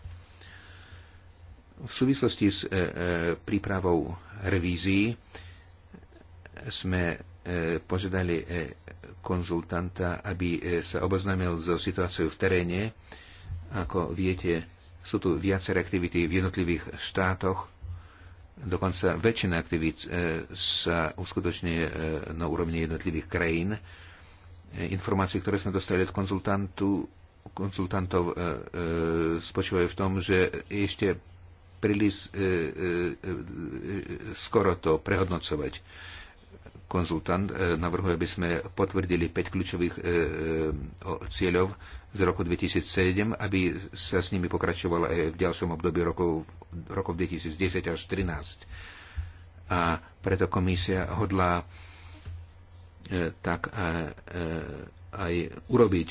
V súvislosti s prípravou revízií sme požiadali konzultanta, aby sa oboznámil so situáciou v teréne. Ako viete, sú tu viaceré aktivity v jednotlivých štátoch. Dokonca väčšina aktivít e, sa uskutočňuje e, na úrovni jednotlivých krajín. E, informácie, ktoré sme dostali od konzultantu, konzultantov, spočívajú v tom, že ešte príliš skoro to prehodnocovať konzultant navrhuje, aby sme potvrdili 5 kľúčových cieľov z roku 2007, aby sa s nimi pokračovalo aj v ďalšom období rokov, rokov 2010 až 2013. A preto komisia hodlá e, tak e, e, aj urobiť.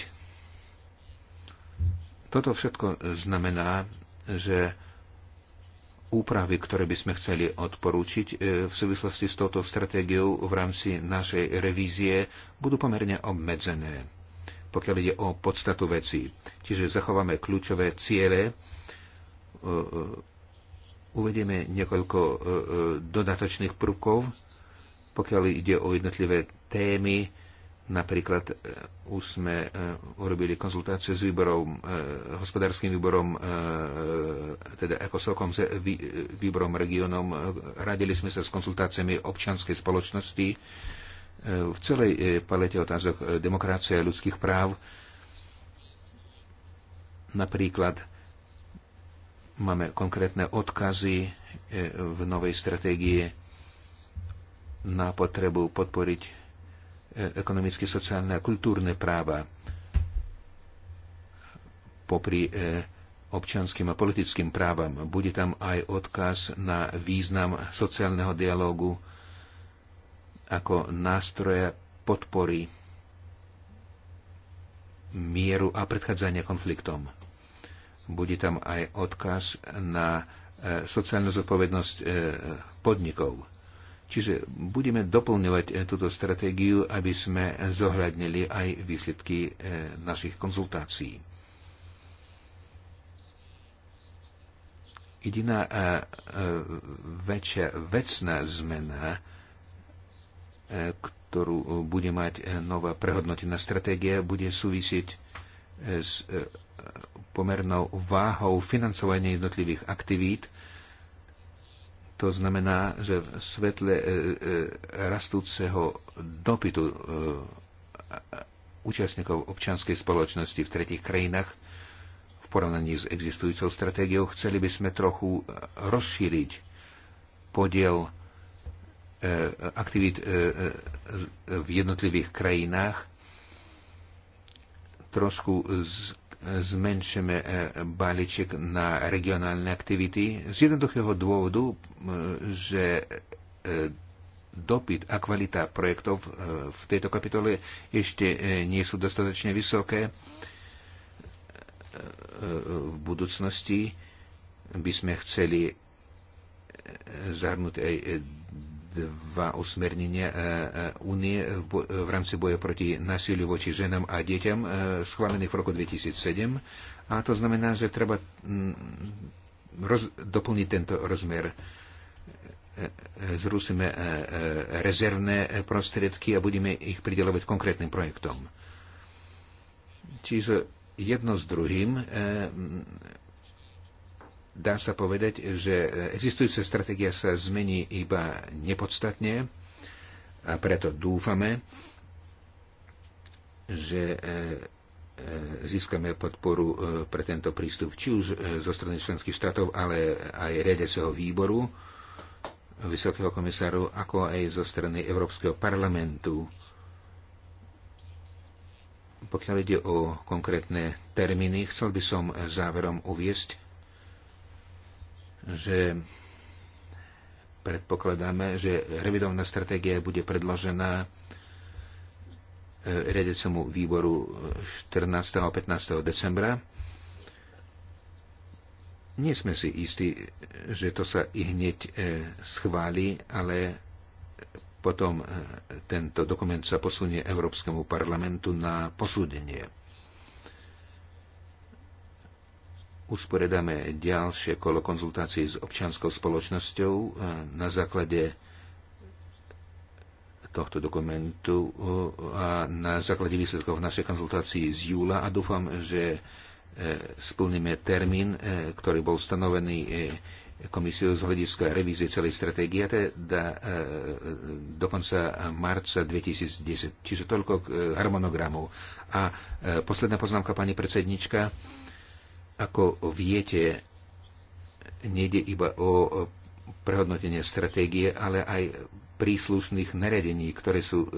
Toto všetko znamená, že úpravy, ktoré by sme chceli odporúčiť e, v súvislosti s touto stratégiou v rámci našej revízie, budú pomerne obmedzené pokiaľ ide o podstatu veci. Čiže zachováme kľúčové ciele, e, e, uvedieme niekoľko e, dodatočných prvkov, pokiaľ ide o jednotlivé témy, Napríklad už sme urobili konzultácie s výborom, hospodárským výborom, teda ako celkom výborom regionom. Radili sme sa s konzultáciami občianskej spoločnosti v celej e, palete otázok e, demokracie a ľudských práv. Napríklad máme konkrétne odkazy e, v novej stratégie na potrebu podporiť ekonomické, sociálne a kultúrne práva popri občanským a politickým právam. Bude tam aj odkaz na význam sociálneho dialógu ako nástroja podpory mieru a predchádzania konfliktom. Bude tam aj odkaz na e, sociálnu zodpovednosť e, podnikov. Čiže budeme doplňovať e, túto stratégiu, aby sme zohľadnili aj výsledky našich konzultácií. Jediná väčšia vecná zmena ktorú e, bude mať e, nová prehodnotená stratégia, bude súvisieť e, s pomernou váhou financovania jednotlivých aktivít. To znamená, že v svetle rastúceho dopytu účastníkov občianskej spoločnosti v tretich krajinách v porovnaní s existujúcou stratégiou chceli by sme trochu rozšíriť podiel Eh, aktivít eh, eh, v jednotlivých krajinách. Trošku zmenšíme balíček na regionálne aktivity z jednoduchého dôvodu, že dopyt a kvalita projektov v tejto kapitole ešte nie sú dostatočne vysoké. V budúcnosti by sme chceli zahrnúť aj dva usmernenia Únie e, e, e, v rámci boja proti násiliu voči ženám a deťam schválených v roku 2007. A to znamená, že treba mm, roz, doplniť tento rozmer. Zrúsime rezervné prostriedky a budeme ich pridelovať konkrétnym projektom. Čiže jedno s druhým dá sa povedať, že existujúca stratégia sa zmení iba nepodstatne a preto dúfame, že e, e, získame podporu e, pre tento prístup, či už zo strany členských štátov, ale aj riadeceho výboru Vysokého komisáru, ako aj zo strany Európskeho parlamentu. Pokiaľ ide o konkrétne termíny, chcel by som záverom uviesť, že predpokladáme, že revidovaná stratégia bude predložená e, riadecomu výboru 14. a 15. decembra. Nie sme si istí, že to sa i hneď e, schváli, ale potom e, tento dokument sa posunie Európskemu parlamentu na posúdenie. usporiadame ďalšie kolo konzultácií s občianskou spoločnosťou e, na základe tohto dokumentu e, a na základe výsledkov našej konzultácii z júla a dúfam, že e, splníme termín, ktorý bol stanovený komisiou z hľadiska revízie celej stratégie, teda do konca marca 2010. Čiže toľko k harmonogramu. A posledná poznámka, pani predsednička ako viete, nejde iba o prehodnotenie stratégie, ale aj príslušných naredení, ktoré sú e, e,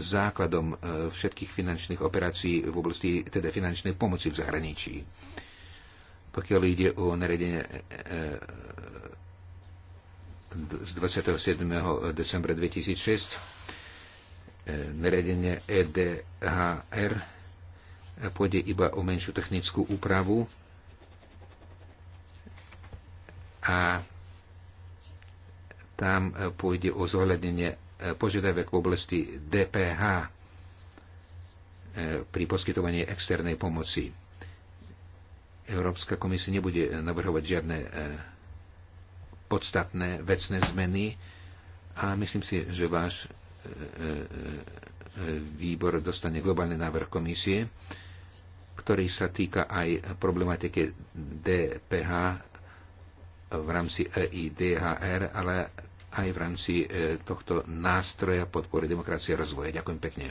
základom e, všetkých finančných operácií v oblasti teda finančnej pomoci v zahraničí. Pokiaľ ide o naredenie z 27. decembra 2006, naredenie EDHR pôjde iba o menšiu technickú úpravu, a tam e, pôjde o zohľadnenie e, požiadavek v oblasti DPH e, pri poskytovaní externej pomoci. Európska komisia nebude navrhovať žiadne podstatné vecné zmeny a myslím si, že váš výbor dostane globálny návrh komisie, ktorý sa týka aj problematiky DPH v rámci EIDHR, ale aj v rámci e, tohto nástroja podpory demokracie a rozvoja. Ďakujem pekne.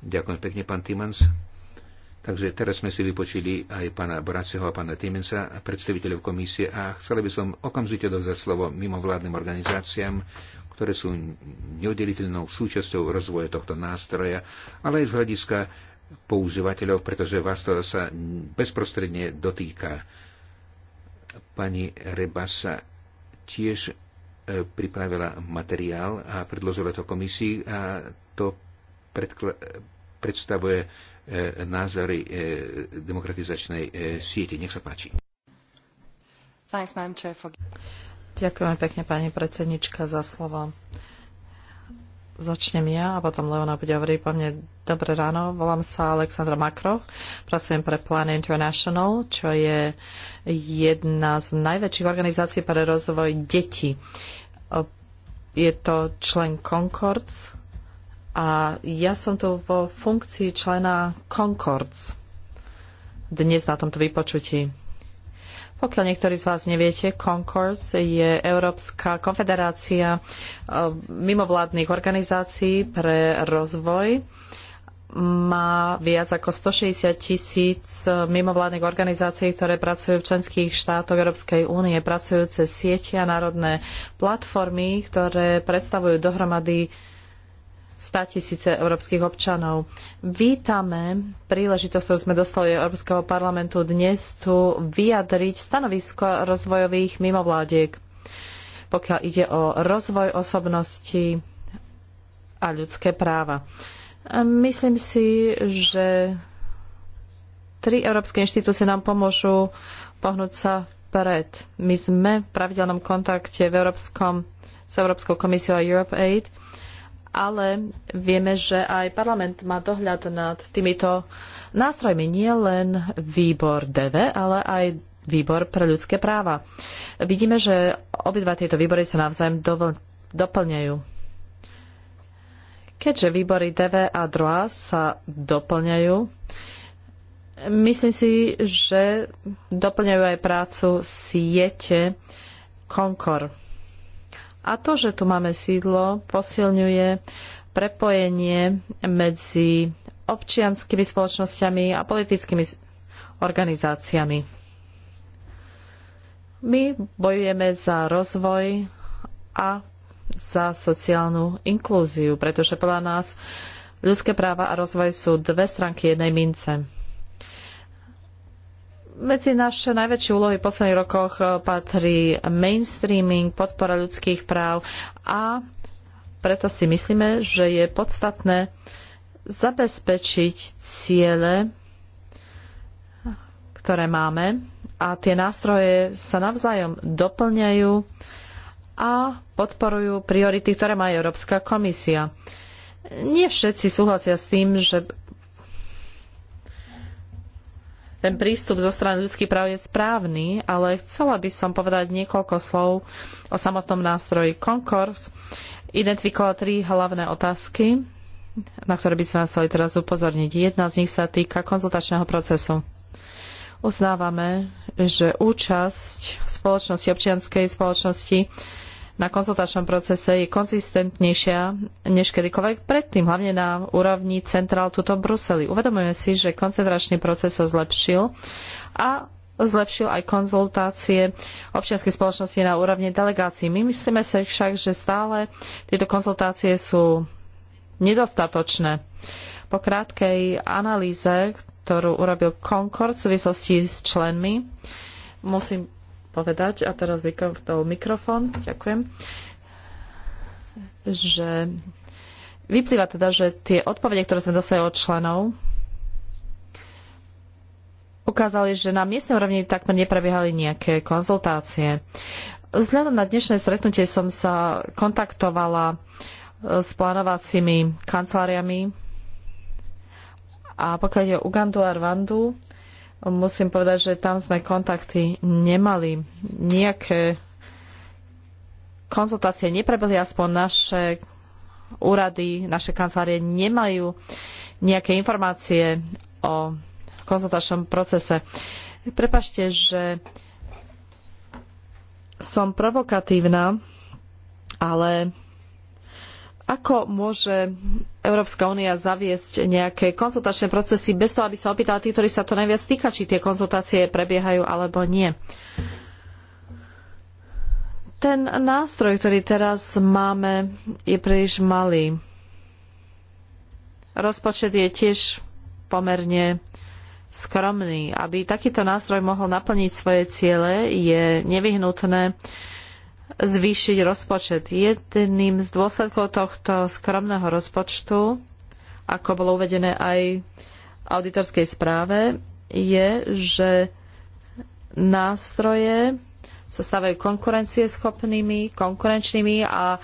Ďakujem pekne, pán Timans. Takže teraz sme si vypočili aj pána Boraceho a pána Timensa, predstaviteľov komisie a chceli by som okamžite dovzať slovo mimovládnym organizáciám, ktoré sú neoddeliteľnou súčasťou rozvoja tohto nástroja, ale aj z hľadiska používateľov, pretože vás to sa bezprostredne dotýka. Pani Rebasa tiež e, pripravila materiál a predložila to komisii a to predstavuje e, názory e, demokratizačnej siete. Nech sa páči. Thanks, Ďakujem pekne, pani predsednička, za slovo. Začnem ja a potom Leona bude hovoriť po mne. Dobré ráno, volám sa Alexandra Makro, pracujem pre Plan International, čo je jedna z najväčších organizácií pre rozvoj detí. Je to člen Concords a ja som tu vo funkcii člena Concords dnes na tomto vypočutí. Pokiaľ niektorí z vás neviete, Concord je Európska konfederácia eh, mimovládnych organizácií pre rozvoj. Má viac ako 160 tisíc eh, mimovládnych organizácií, ktoré pracujú v členských štátoch Európskej únie, pracujú cez siete a národné platformy, ktoré predstavujú dohromady 100 tisíce európskych občanov. Vítame príležitosť, ktorú sme dostali od Európskeho parlamentu dnes tu vyjadriť stanovisko rozvojových mimovládiek, pokiaľ ide o rozvoj osobnosti a ľudské práva. Myslím si, že tri európske inštitúcie nám pomôžu pohnúť sa vpred. My sme v pravidelnom kontakte v Európskom, s Európskou komisiou a Europe Aid ale vieme, že aj parlament má dohľad nad týmito nástrojmi. Nie len výbor DV, ale aj výbor pre ľudské práva. Vidíme, že obidva tieto výbory sa navzájom doplňajú. Keďže výbory DV a DROA sa doplňajú, myslím si, že doplňajú aj prácu siete Concord a to, že tu máme sídlo, posilňuje prepojenie medzi občianskými spoločnosťami a politickými organizáciami. My bojujeme za rozvoj a za sociálnu inklúziu, pretože podľa nás ľudské práva a rozvoj sú dve stránky jednej mince medzi naše najväčšie úlohy v posledných rokoch e, patrí mainstreaming, podpora ľudských práv a preto si myslíme, že je podstatné zabezpečiť ciele, ktoré máme a tie nástroje sa navzájom doplňajú a podporujú priority, ktoré má Európska komisia. Nie všetci súhlasia s tým, že ten prístup zo strany ľudských práv je správny, ale chcela by som povedať niekoľko slov o samotnom nástroji Concourse. Identifikovala tri hlavné otázky, na ktoré by sme vás chceli teraz upozorniť. Jedna z nich sa týka konzultačného procesu. Uznávame, že účasť v spoločnosti občianskej spoločnosti na konzultačnom procese je konzistentnejšia než kedykoľvek predtým, hlavne na úrovni centrál tuto v Bruseli. Uvedomujeme si, že koncentračný proces sa zlepšil a zlepšil aj konzultácie občianskej spoločnosti na úrovni delegácií. My myslíme si však, že stále tieto konzultácie sú nedostatočné. Po krátkej analýze, ktorú urobil Concord v súvislosti s členmi, musím povedať, a teraz vykrotol mikrofón, ďakujem, že vyplýva teda, že tie odpovede, ktoré sme dostali od členov, ukázali, že na miestnej úrovni takmer neprebiehali nejaké konzultácie. Vzhľadom na dnešné stretnutie som sa kontaktovala e, s plánovacími kanceláriami a pokiaľ je Ugandu a Rwandu, musím povedať, že tam sme kontakty nemali. Nejaké konzultácie neprebehli, aspoň naše úrady, naše kancelárie nemajú nejaké informácie o konzultačnom procese. Prepašte, že som provokatívna, ale ako môže Európska únia zaviesť nejaké konzultačné procesy bez toho, aby sa opýtala tí, ktorí sa to najviac týka, či tie konzultácie prebiehajú alebo nie? Ten nástroj, ktorý teraz máme, je príliš malý. Rozpočet je tiež pomerne skromný. Aby takýto nástroj mohol naplniť svoje ciele, je nevyhnutné zvýšiť rozpočet. Jedným z dôsledkov tohto skromného rozpočtu, ako bolo uvedené aj v auditorskej správe, je, že nástroje sa stávajú konkurencieschopnými, konkurenčnými a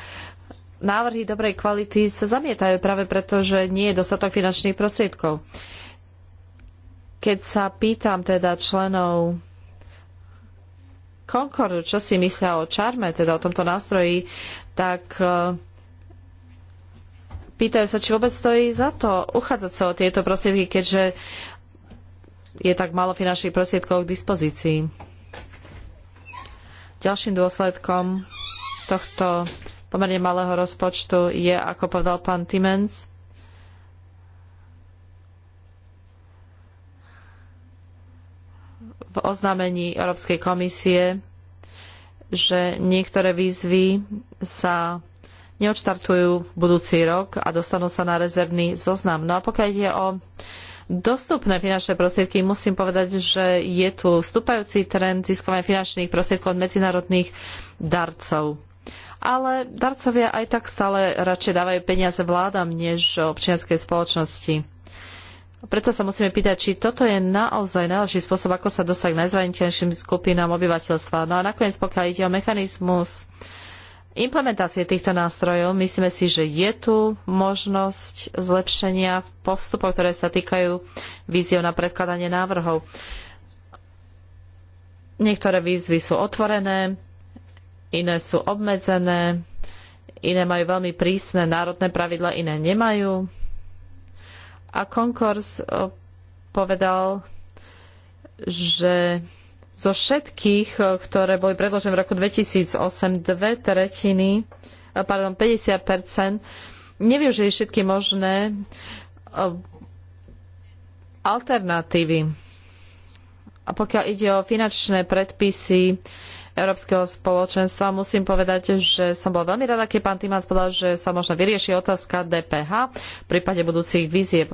návrhy dobrej kvality sa zamietajú práve preto, že nie je dostatok finančných prostriedkov. Keď sa pýtam teda členov Concord, čo si myslia o čarme, teda o tomto nástroji, tak e, pýtajú sa, či vôbec stojí za to uchádzať sa o tieto prostriedky, keďže je tak málo finančných prostriedkov k dispozícii. Ďalším dôsledkom tohto pomerne malého rozpočtu je, ako povedal pán Timens, v oznámení Európskej komisie, že niektoré výzvy sa neodštartujú budúci rok a dostanú sa na rezervný zoznam. No a pokiaľ ide o dostupné finančné prostriedky, musím povedať, že je tu vstúpajúci trend získavania finančných prostriedkov od medzinárodných darcov. Ale darcovia aj tak stále radšej dávajú peniaze vládam, než občianskej spoločnosti. Preto sa musíme pýtať, či toto je naozaj najlepší spôsob, ako sa dostať k najzraniteľnejším skupinám obyvateľstva. No a nakoniec, pokiaľ ide o mechanizmus implementácie týchto nástrojov, myslíme si, že je tu možnosť zlepšenia postupov, ktoré sa týkajú víziev na predkladanie návrhov. Niektoré výzvy sú otvorené, iné sú obmedzené, iné majú veľmi prísne národné pravidla, iné nemajú a Konkors eh, povedal, že zo všetkých, eh, ktoré boli predložené v roku 2008, dve tretiny, eh, pardon, 50 nevyužili všetky možné alternatívy. A pokiaľ ide o finančné predpisy Európskeho spoločenstva. Musím povedať, že som bola veľmi rada, keď pán Timans povedal, že sa možno vyrieši otázka DPH v prípade budúcich výzieb.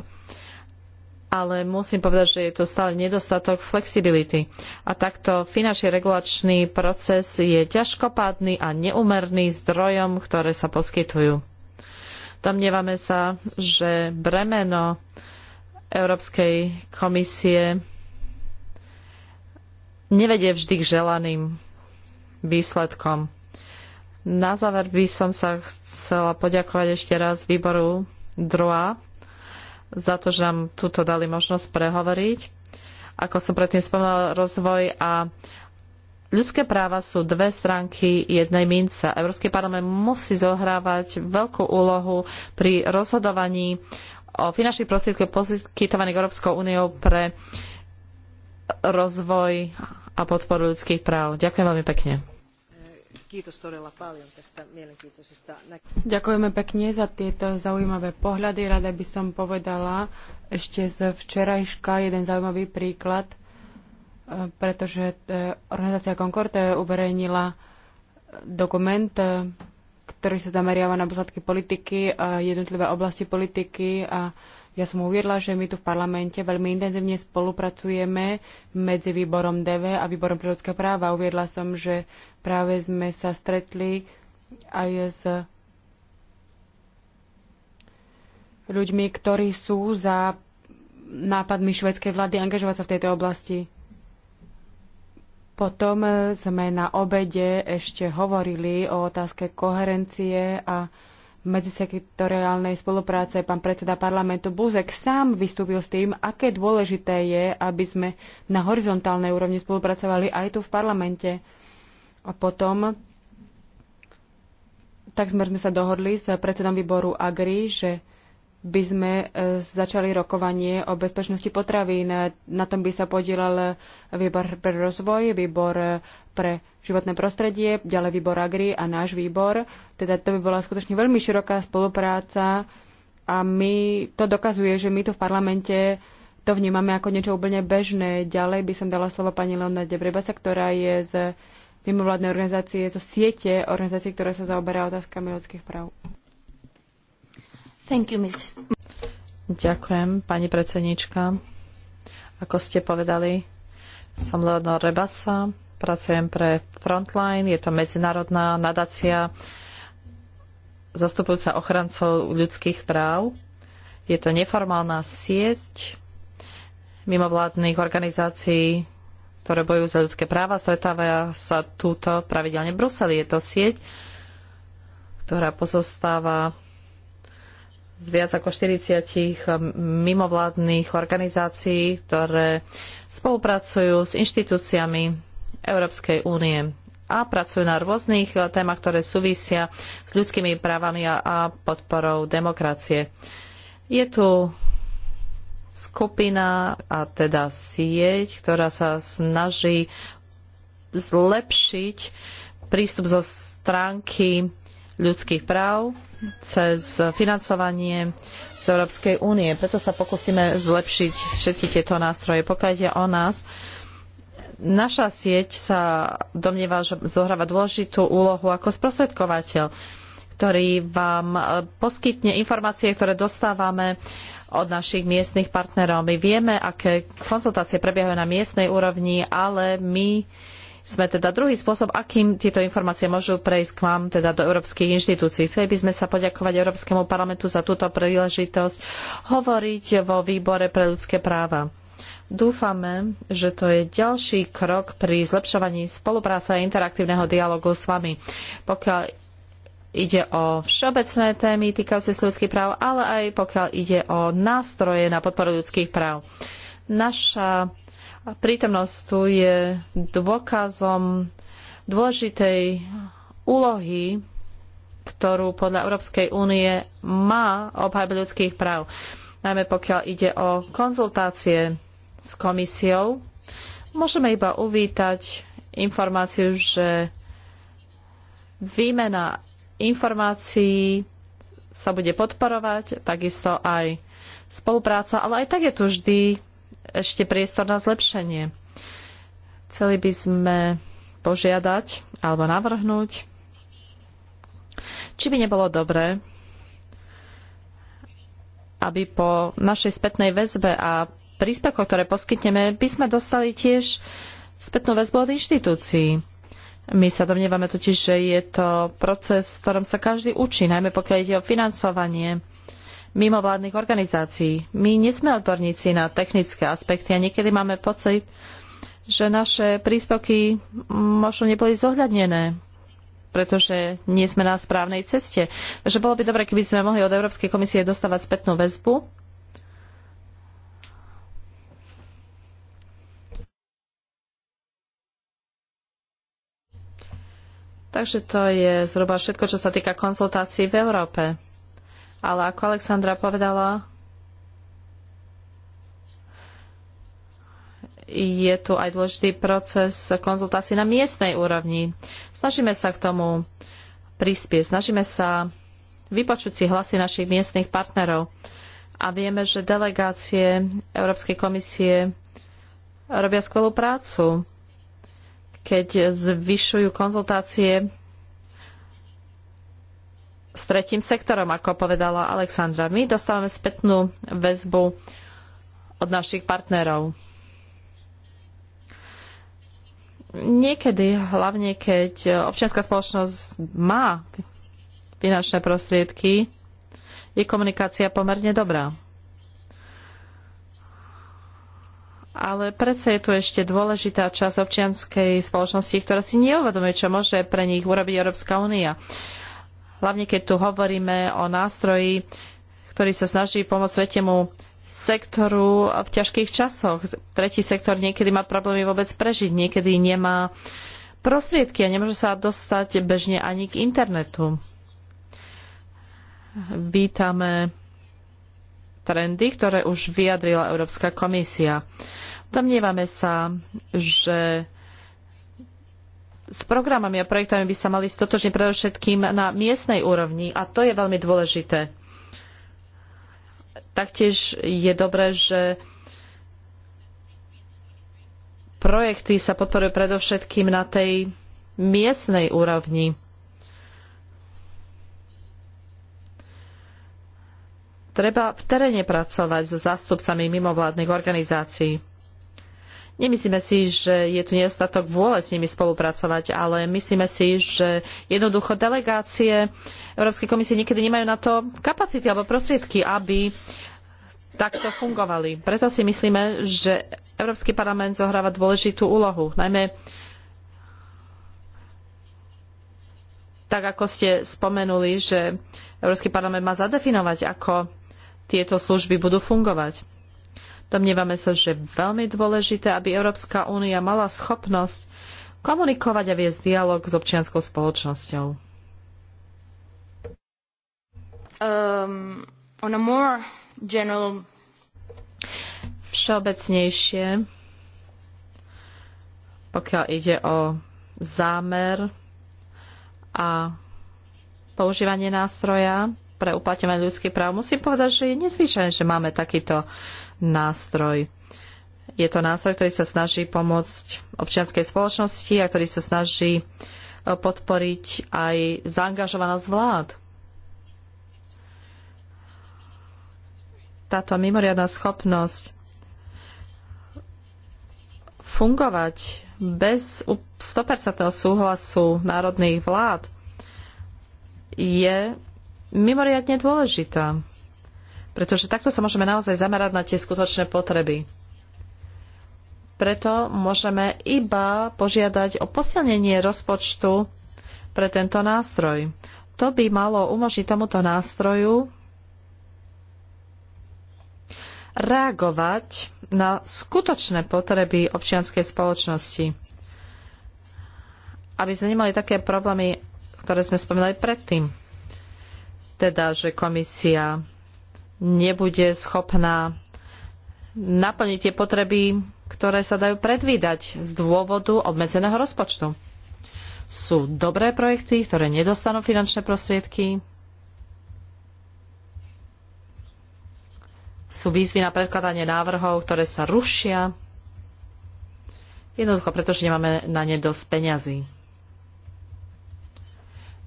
Ale musím povedať, že je tu stále nedostatok flexibility. A takto finančný regulačný proces je ťažkopádny a neúmerný zdrojom, ktoré sa poskytujú. Domnievame sa, že bremeno Európskej komisie nevedie vždy k želaným výsledkom. Na záver by som sa chcela poďakovať ešte raz výboru DROA za to, že nám tuto dali možnosť prehovoriť. Ako som predtým spomínala, rozvoj a ľudské práva sú dve stránky jednej mince. Európsky parlament musí zohrávať veľkú úlohu pri rozhodovaní o finančných prostriedkoch poskytovaných Európskou úniou pre rozvoj a podporu ľudských práv. Ďakujem veľmi pekne. Ďakujeme pekne za tieto zaujímavé pohľady. Rada by som povedala ešte z včerajška jeden zaujímavý príklad, e, pretože e, organizácia Concorde uverejnila e, dokument, ktorý sa zameriava na posledky politiky a jednotlivé oblasti politiky a ja som uviedla, že my tu v parlamente veľmi intenzívne spolupracujeme medzi výborom DV a výborom pre ľudské práva. Uviedla som, že práve sme sa stretli aj s ľuďmi, ktorí sú za nápadmi švedskej vlády angažovať sa v tejto oblasti. Potom sme na obede ešte hovorili o otázke koherencie a medzisektoriálnej spolupráce pán predseda parlamentu Buzek sám vystúpil s tým, aké dôležité je, aby sme na horizontálnej úrovni spolupracovali aj tu v parlamente. A potom tak sme sa dohodli s predsedom výboru Agri, že by sme e, začali rokovanie o bezpečnosti potravín. Na tom by sa podielal výbor pre rozvoj, výbor pre životné prostredie, ďalej výbor Agri a náš výbor. Teda to by bola skutočne veľmi široká spolupráca a my to dokazuje, že my tu v parlamente to vnímame ako niečo úplne bežné. Ďalej by som dala slovo pani Leona Debrebasa, ktorá je z mimovládnej organizácie, zo siete organizácií, ktorá sa zaoberá otázkami ľudských práv. Thank you, Mitch. Ďakujem, pani predsednička. Ako ste povedali, som Leonor Rebasa, pracujem pre Frontline, je to medzinárodná nadácia zastupujúca ochrancov ľudských práv. Je to neformálna sieť mimovládnych organizácií, ktoré bojujú za ľudské práva. Stretávajú sa túto pravidelne v Bruseli. Je to sieť, ktorá pozostáva z viac ako 40 um, mimovládnych organizácií, ktoré spolupracujú s inštitúciami Európskej únie a pracujú na rôznych uh, témach, ktoré súvisia s ľudskými právami a podporou demokracie. Je tu skupina a teda sieť, ktorá sa snaží zlepšiť prístup zo stránky ľudských práv cez financovanie z Európskej únie. Preto sa pokúsime zlepšiť všetky tieto nástroje. Pokiaľ ide o nás, naša sieť sa domnieva, že zohráva dôležitú úlohu ako sprostredkovateľ, ktorý vám poskytne informácie, ktoré dostávame od našich miestnych partnerov. My vieme, aké konzultácie prebiehajú na miestnej úrovni, ale my sme teda druhý spôsob, akým tieto informácie môžu prejsť k vám, teda do európskych inštitúcií. Chceli by sme sa poďakovať Európskemu parlamentu za túto príležitosť hovoriť vo výbore pre ľudské práva. Dúfame, že to je ďalší krok pri zlepšovaní spolupráce a interaktívneho dialogu s vami. Pokiaľ ide o všeobecné témy týkajúce sa ľudských práv, ale aj pokiaľ ide o nástroje na podporu ľudských práv. Naša prítomnosť tu je dôkazom dôležitej úlohy, ktorú podľa Európskej únie má obhajba ľudských práv, najmä pokiaľ ide o konzultácie s komisiou. Môžeme iba uvítať informáciu, že výmena informácií sa bude podporovať, takisto aj spolupráca, ale aj tak je tu vždy ešte priestor na zlepšenie. Chceli by sme požiadať alebo navrhnúť, či by nebolo dobré, aby po našej spätnej väzbe a príspevkoch, ktoré poskytneme, by sme dostali tiež spätnú väzbu od inštitúcií. My sa domnievame totiž, že je to proces, v ktorom sa každý učí, najmä pokiaľ ide o financovanie mimovládnych organizácií. My nesme odborníci na technické aspekty a niekedy máme pocit, že naše príspevky možno neboli zohľadnené pretože nie sme na správnej ceste. Takže bolo by dobre, keby sme mohli od Európskej komisie dostávať spätnú väzbu. Takže to je zhruba všetko, čo sa týka konzultácií v Európe ale ako Alexandra povedala, je tu aj dôležitý proces konzultácií na miestnej úrovni. Snažíme sa k tomu prispieť, snažíme sa vypočuť si hlasy našich miestnych partnerov a vieme, že delegácie Európskej komisie robia skvelú prácu, keď zvyšujú konzultácie s tretím sektorom, ako povedala Alexandra. My dostávame spätnú väzbu od našich partnerov. Niekedy, hlavne keď občianská spoločnosť má finančné prostriedky, je komunikácia pomerne dobrá. Ale predsa je tu ešte dôležitá časť občianskej spoločnosti, ktorá si neuvedomuje, čo môže pre nich urobiť Európska únia hlavne keď tu hovoríme o nástroji, ktorý sa snaží pomôcť tretiemu sektoru v ťažkých časoch. Tretí sektor niekedy má problémy vôbec prežiť, niekedy nemá prostriedky a nemôže sa dostať bežne ani k internetu. Vítame trendy, ktoré už vyjadrila Európska komisia. Domnievame sa, že s programami a projektami by sa mali stotožniť predovšetkým na miestnej úrovni a to je veľmi dôležité. Taktiež je dobré, že projekty sa podporujú predovšetkým na tej miestnej úrovni. Treba v teréne pracovať so zástupcami mimovládnych organizácií. Nemyslíme si, že je tu nedostatok vôle s nimi spolupracovať, ale myslíme si, že jednoducho delegácie Európskej komisie niekedy nemajú na to kapacity alebo prostriedky, aby takto fungovali. Preto si myslíme, že Európsky parlament zohráva dôležitú úlohu, najmä tak ako ste spomenuli, že Európsky parlament má zadefinovať, ako tieto služby budú fungovať. Domnievame sa, že je veľmi dôležité, aby Európska únia mala schopnosť komunikovať a viesť dialog s občianskou spoločnosťou. Um, on a more general... Všeobecnejšie, pokiaľ ide o zámer a používanie nástroja pre uplatňovanie ľudských práv, musím povedať, že je nezvyčajné, že máme takýto nástroj. Je to nástroj, ktorý sa snaží pomôcť občianskej spoločnosti a ktorý sa snaží e, podporiť aj zaangažovanosť vlád. Táto mimoriadná schopnosť fungovať bez 100% súhlasu národných vlád je mimoriadne dôležitá. Pretože takto sa môžeme naozaj zamerať na tie skutočné potreby. Preto môžeme iba požiadať o posilnenie rozpočtu pre tento nástroj. To by malo umožniť tomuto nástroju reagovať na skutočné potreby občianskej spoločnosti. Aby sme nemali také problémy, ktoré sme spomínali predtým. Teda, že komisia nebude schopná naplniť tie potreby, ktoré sa dajú predvídať z dôvodu obmedzeného rozpočtu. Sú dobré projekty, ktoré nedostanú finančné prostriedky. Sú výzvy na predkladanie návrhov, ktoré sa rušia. Jednoducho, pretože nemáme na ne dosť peňazí.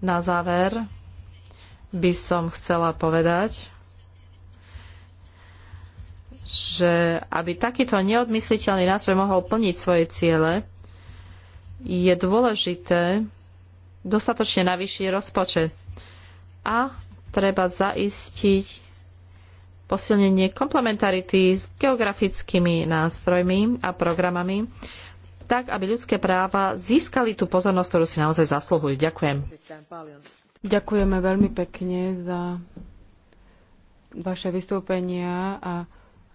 Na záver by som chcela povedať, že aby takýto neodmysliteľný nástroj mohol plniť svoje ciele, je dôležité dostatočne navýšiť rozpočet. A treba zaistiť posilnenie komplementarity s geografickými nástrojmi a programami, tak aby ľudské práva získali tú pozornosť, ktorú si naozaj zasluhujú. Ďakujem. Ďakujeme veľmi pekne za vaše vystúpenia a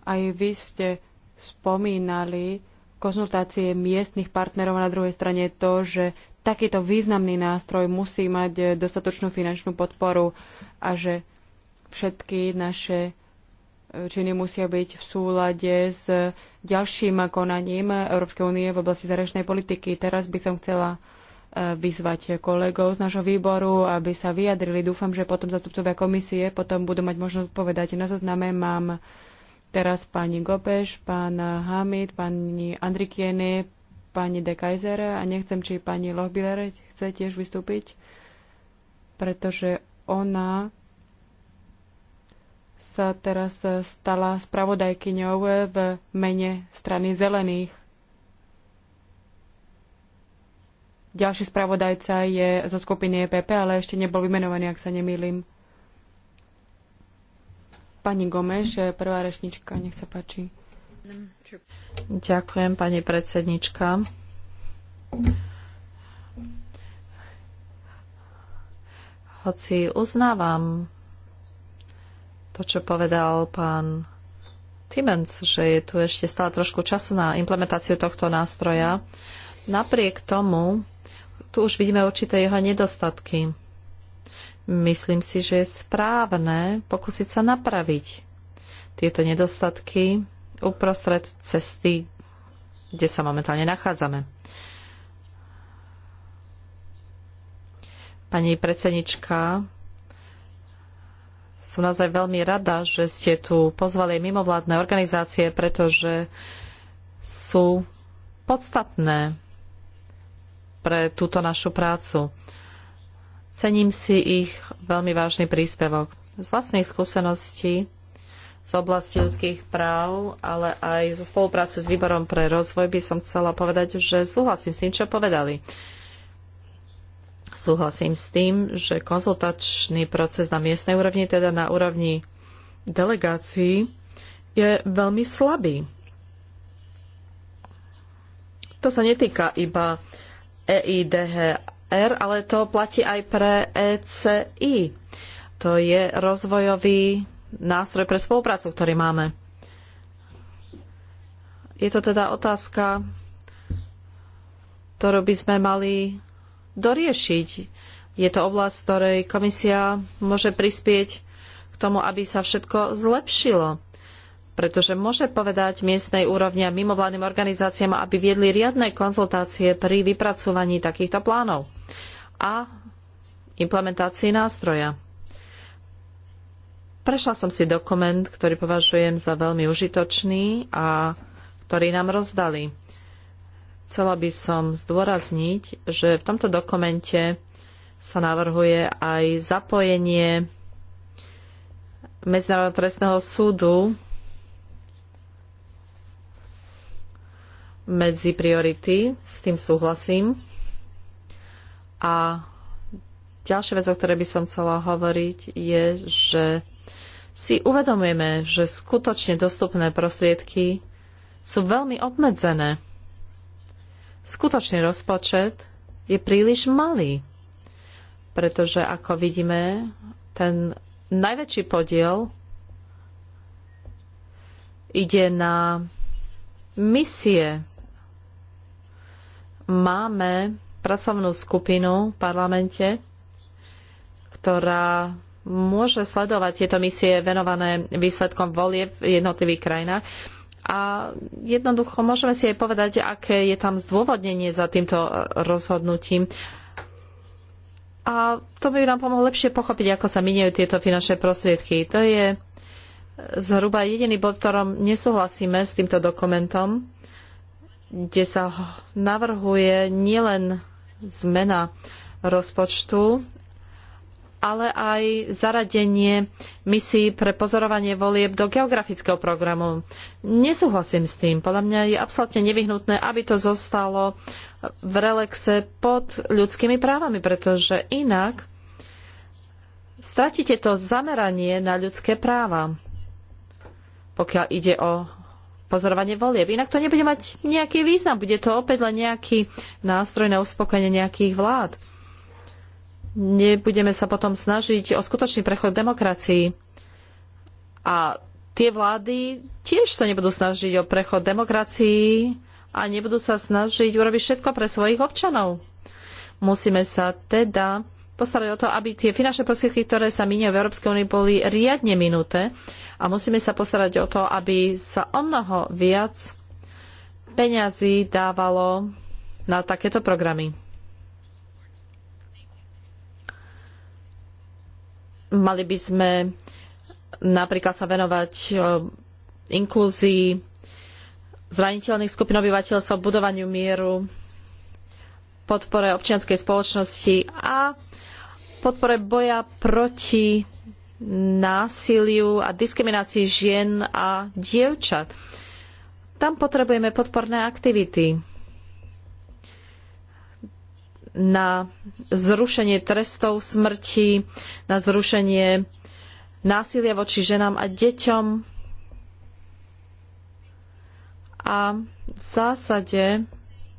aj vy ste spomínali konzultácie miestnych partnerov a na druhej strane to, že takýto významný nástroj musí mať eh, dostatočnú finančnú podporu a že všetky naše eh, činy musia byť v súlade s ďalším konaním Európskej únie v oblasti zahraničnej politiky. Teraz by som chcela eh, vyzvať kolegov z nášho výboru, aby sa vyjadrili. Dúfam, že potom zastupcovia komisie potom budú mať možnosť povedať. Na zozname mám Teraz pani Gopeš, pán Hamid, pani Andrikieny, pani De Kaiser a nechcem, či pani Lohbiller chce tiež vystúpiť, pretože ona sa teraz stala spravodajkyňou v mene strany zelených. Ďalší spravodajca je zo skupiny EPP, ale ešte nebol vymenovaný, ak sa nemýlim. Pani Gomeš, prvá rečnička, nech sa páči. Ďakujem, pani predsednička. Hoci uznávam to, čo povedal pán Timens, že je tu ešte stále trošku času na implementáciu tohto nástroja, napriek tomu tu už vidíme určité jeho nedostatky. Myslím si, že je správne pokúsiť sa napraviť tieto nedostatky uprostred cesty, kde sa momentálne nachádzame. Pani predsednička, som naozaj veľmi rada, že ste tu pozvali mimovládne organizácie, pretože sú podstatné pre túto našu prácu. Cením si ich veľmi vážny príspevok. Z vlastnej skúsenosti z oblasti ľudských práv, ale aj zo spolupráce s Výborom pre rozvoj by som chcela povedať, že súhlasím s tým, čo povedali. Súhlasím s tým, že konzultačný proces na miestnej úrovni, teda na úrovni delegácií, je veľmi slabý. To sa netýka iba EIDH ECR, ale to platí aj pre ECI. To je rozvojový nástroj pre spoluprácu, ktorý máme. Je to teda otázka, ktorú by sme mali doriešiť. Je to oblasť, ktorej komisia môže prispieť k tomu, aby sa všetko zlepšilo pretože môže povedať miestnej úrovni a mimovládnym organizáciám, aby viedli riadne konzultácie pri vypracovaní takýchto plánov a implementácii nástroja. Prešla som si dokument, ktorý považujem za veľmi užitočný a ktorý nám rozdali. Chcela by som zdôrazniť, že v tomto dokumente sa navrhuje aj zapojenie Medzinárodného trestného súdu medzi priority, s tým súhlasím. A ďalšia vec, o ktorej by som chcela hovoriť, je, že si uvedomujeme, že skutočne dostupné prostriedky sú veľmi obmedzené. Skutočný rozpočet je príliš malý, pretože ako vidíme, ten najväčší podiel ide na misie Máme pracovnú skupinu v parlamente, ktorá môže sledovať tieto misie venované výsledkom volie v jednotlivých krajinách. A jednoducho môžeme si aj povedať, aké je tam zdôvodnenie za týmto rozhodnutím. A to by nám pomohlo lepšie pochopiť, ako sa minejú tieto finančné prostriedky. To je zhruba jediný bod, v ktorom nesúhlasíme s týmto dokumentom kde sa navrhuje nielen zmena rozpočtu, ale aj zaradenie misií pre pozorovanie volieb do geografického programu. Nesúhlasím s tým. Podľa mňa je absolútne nevyhnutné, aby to zostalo v relaxe pod ľudskými právami, pretože inak stratíte to zameranie na ľudské práva, pokiaľ ide o pozorovanie volieb. Inak to nebude mať nejaký význam, bude to opäť len nejaký nástroj na uspokojenie nejakých vlád. Nebudeme sa potom snažiť o skutočný prechod demokracii. A tie vlády tiež sa nebudú snažiť o prechod demokracii a nebudú sa snažiť urobiť všetko pre svojich občanov. Musíme sa teda postarať o to, aby tie finančné prostriedky, ktoré sa minia v Európskej únii, boli riadne minuté a musíme sa postarať o to, aby sa o mnoho viac peňazí dávalo na takéto programy. Mali by sme napríklad sa venovať e, inklúzii zraniteľných skupín obyvateľstva, budovaniu mieru, podpore občianskej spoločnosti a podpore boja proti násiliu a diskriminácii žien a dievčat. Tam potrebujeme podporné aktivity na zrušenie trestov smrti, na zrušenie násilia voči ženám a deťom. A v zásade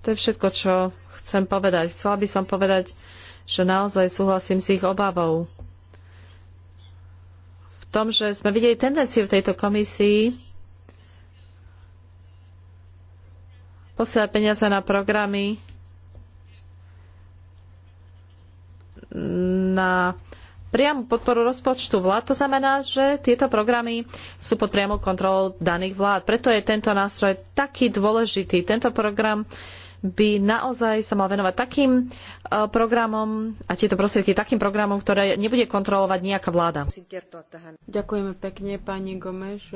to je všetko, čo chcem povedať. Chcela by som povedať že naozaj súhlasím s ich obavou. V tom, že sme videli tendenciu v tejto komisii posielať peniaze na programy na priamu podporu rozpočtu vlád. To znamená, že tieto programy sú pod priamou kontrolou daných vlád. Preto je tento nástroj taký dôležitý. Tento program uh, by naozaj sa mal venovať takým e, programom a tieto prostriedky takým programom, ktoré nebude kontrolovať nejaká vláda. Ďakujeme pekne, pani Gomeš.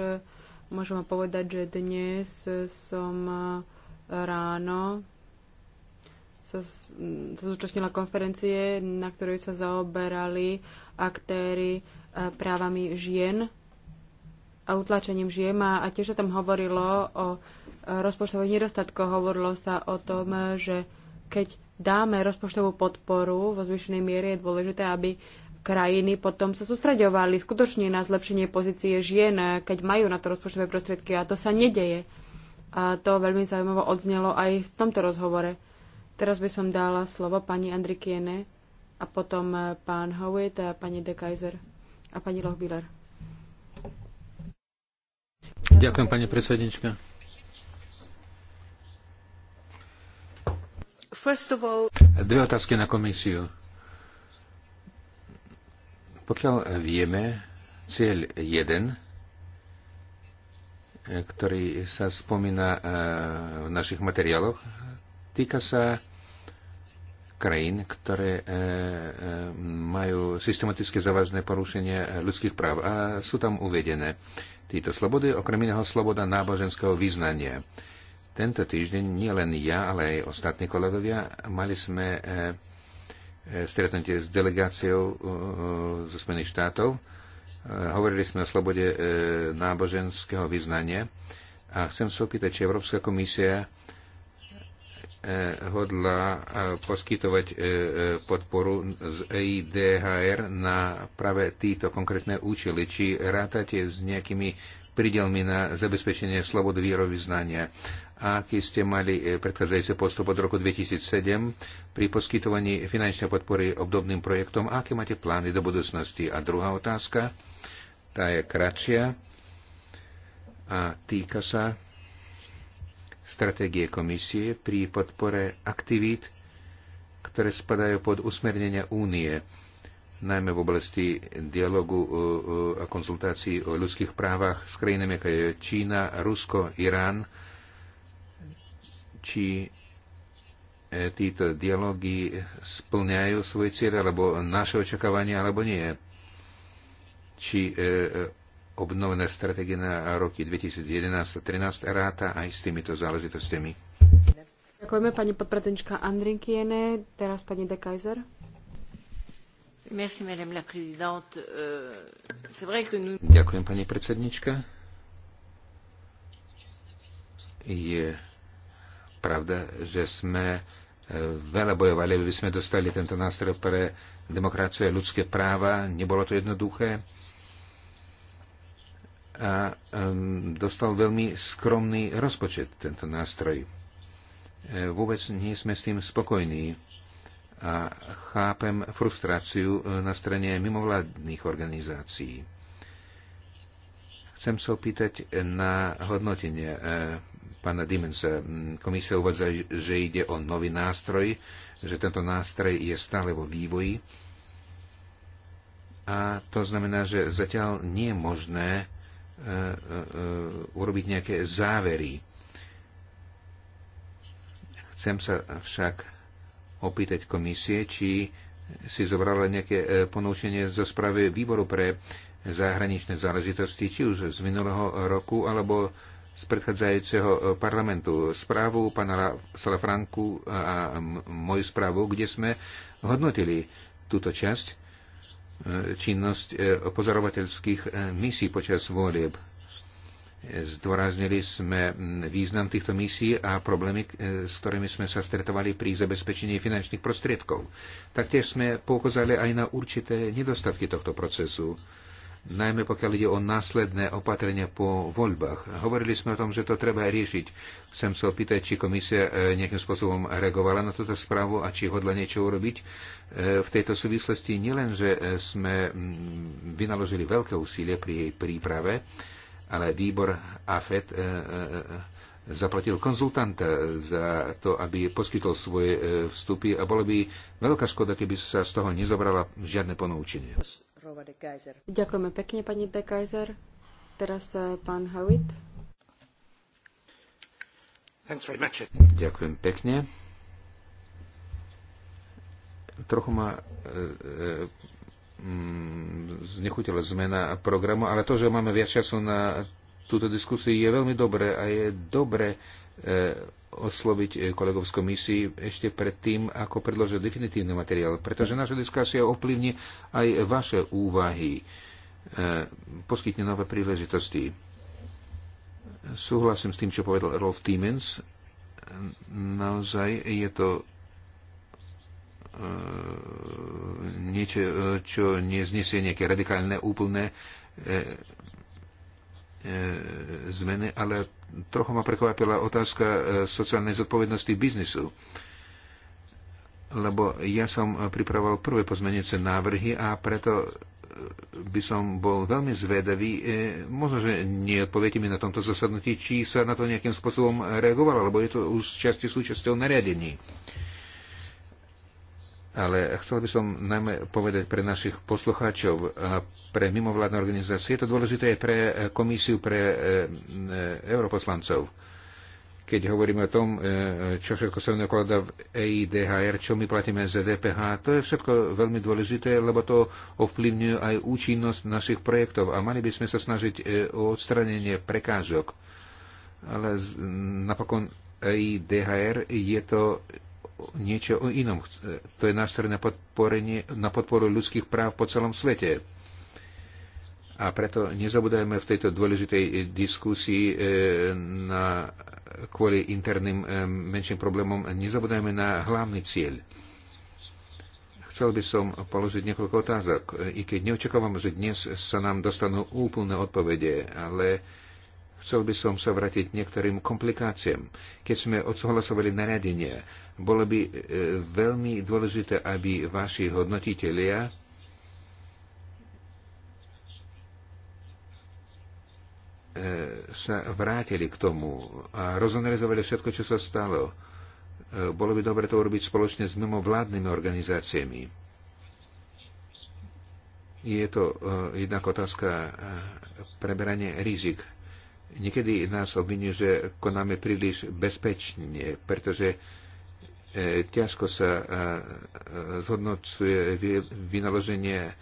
Môžem povedať, že dnes som e, ráno sa, zúčastnila konferencie, na ktorej sa zaoberali aktéry e, právami žien a utlačením žien a, a tiež sa tam hovorilo o rozpočtových nedostatkoch. Hovorilo sa o tom, že keď dáme rozpočtovú podporu vo zvyšnej miere, je dôležité, aby krajiny potom sa sústraďovali skutočne na zlepšenie pozície žien, keď majú na to rozpočtové prostriedky a to sa nedeje. A to veľmi zaujímavo odznelo aj v tomto rozhovore. Teraz by som dala slovo pani Andrikiene a potom pán Howitt a pani De Kaiser a pani Lochbiller. Ďakujem, pani predsednička. Dve otázky na komisiu. Pokiaľ vieme, cieľ 1, ktorý sa spomína e, v našich materiáloch, týka sa krajín, ktoré e, e, majú systematicky závažné porušenie ľudských práv a sú tam uvedené títo slobody, okrem iného sloboda náboženského význania. Tento týždeň nielen ja, ale aj ostatní kolegovia mali sme eh, eh, stretnutie s delegáciou eh, zo Spojených štátov. Hovorili sme o slobode náboženského vyznania a chcem sa opýtať, či Európska komisia hodla poskytovať podporu z EIDHR na práve títo konkrétne účely. Či rátate s nejakými prídelmi na zabezpečenie slobody vierovýznania a aký ste mali e, predchádzajúci postup od roku 2007 pri poskytovaní finančnej podpory obdobným projektom a aké máte plány do budúcnosti. A druhá otázka, tá je kratšia a týka sa stratégie komisie pri podpore aktivít, ktoré spadajú pod usmernenia únie, najmä v oblasti dialogu e, e, a konzultácií o ľudských právach s krajinami ako je Čína, Rusko, Irán, či e, títo dialógy splňajú svoje cieľe, alebo naše očakávania, alebo nie. Či e, e obnovené stratégia na roky 2011-2013 ráta aj s týmito záležitostiami. Ďakujeme pani podpredsednička Kiene, teraz pani de Kaiser. Euh, Ďakujem, pani predsednička. Je pravda, že sme e, veľa bojovali, aby sme dostali tento nástroj pre demokraciu a ľudské práva. Nebolo to jednoduché. A dostal veľmi skromný rozpočet tento nástroj. E, vôbec nie sme s tým spokojní a chápem frustráciu e, na strane mimovládnych organizácií. Chcem sa opýtať na hodnotenie pána Dimensa. Komisia uvádza, že ide o nový nástroj, že tento nástroj je stále vo vývoji. A to znamená, že zatiaľ nie je možné e, e, e, urobiť nejaké závery. Chcem sa však opýtať komisie, či si zobrala nejaké ponúčenie zo správy výboru pre zahraničné záležitosti, či už z minulého roku, alebo z predchádzajúceho e, parlamentu, správu pana Salafranku a moju správu, kde sme hodnotili túto časť, e, činnosť e, pozorovateľských misí počas volieb. Zdôraznili sme význam týchto misí a problémy, s ktorými sme sa stretovali pri zabezpečení finančných prostriedkov. Taktiež sme poukázali aj na určité nedostatky tohto procesu najmä pokiaľ ide o následné opatrenia po voľbách. Hovorili sme o tom, že to treba riešiť. Chcem sa opýtať, či komisia e, nejakým spôsobom reagovala na túto správu a či hodla niečo urobiť. E, v tejto súvislosti nielen, že e, sme mm, vynaložili veľké úsilie pri jej príprave, ale výbor AFET zaplatil konzultanta za to, aby poskytol svoje vstupy a bolo by veľká škoda, keby sa z toho nezobrala žiadne ponaučenie. Ďakujeme pekne, pani De Kaiser. Teraz eh, pán Howitt. Ďakujem pekne. Trochu ma e, znechutila zmena programu, ale to, že máme viac času na túto diskusiu, je veľmi dobré a je dobré Eh, osloviť eh, kolegov z komisii ešte predtým, ako predložia definitívny materiál, pretože naša diskusia ovplyvní aj vaše úvahy, eh, poskytne nové príležitosti. Súhlasím s tým, čo povedal Rolf Tiemens. Naozaj je to niečo, čo neznesie nejaké radikálne, úplné E, zmeny, ale trochu ma prekvapila otázka e, sociálnej zodpovednosti biznisu. Lebo ja som pripravoval prvé pozmenujúce návrhy a preto e, by som bol veľmi zvedavý. Možno, že neodpoviete mi na tomto zasadnutí, či sa na to nejakým spôsobom reagovalo, lebo je to už časti súčasťou nariadení ale chcel by som najmä povedať pre našich poslucháčov, pre mimovládne organizácie, je to dôležité aj pre e, komisiu, pre e, e, europoslancov. Keď hovoríme o tom, čo všetko sa nakladá v EIDHR, čo my platíme za DPH, to je všetko veľmi dôležité, lebo to ovplyvňuje aj účinnosť našich projektov a mali by sme sa snažiť o odstranenie prekážok. Ale napokon EIDHR je to niečo o inom. E, to je nástroj na, na podporu ľudských práv po celom svete. A preto nezabudajme v tejto dôležitej e, diskusii e, na, kvôli interným menším problémom, nezabudajme na hlavný cieľ. Chcel by som položiť niekoľko otázok, i keď neočakávam, že dnes sa nám dostanú úplné odpovede, ale Chcel by som sa vrátiť niektorým komplikáciám. Keď sme odsúhlasovali nariadenie, bolo by e, veľmi dôležité, aby vaši hodnotitelia e, sa vrátili k tomu a rozanalizovali všetko, čo sa stalo. E, bolo by dobre to urobiť spoločne s mimovládnymi organizáciami. Je to e, jednak otázka preberanie rizik. Niekedy nás obvinujú, že konáme príliš bezpečne, pretože e, ťažko sa e, zhodnocuje vynaloženie e,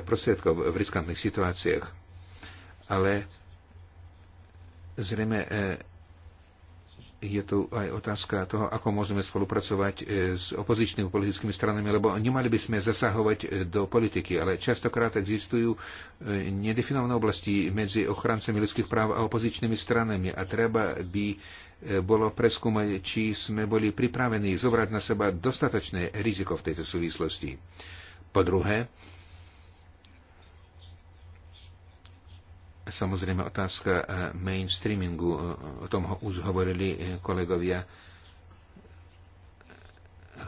prostriedkov v riskantných situáciách. Ale zrejme je tu aj otázka toho, ako môžeme spolupracovať e, s opozičnými politickými stranami, lebo nemali by sme zasahovať e, do politiky, ale častokrát existujú e, nedefinované oblasti medzi ochrancami ľudských práv a opozičnými stranami a treba by bolo preskúmať, či sme boli pripravení zobrať na seba dostatočné riziko v tejto súvislosti. Po druhé, Samozrejme otázka eh, mainstreamingu, eh, o tom už hovorili eh, kolegovia.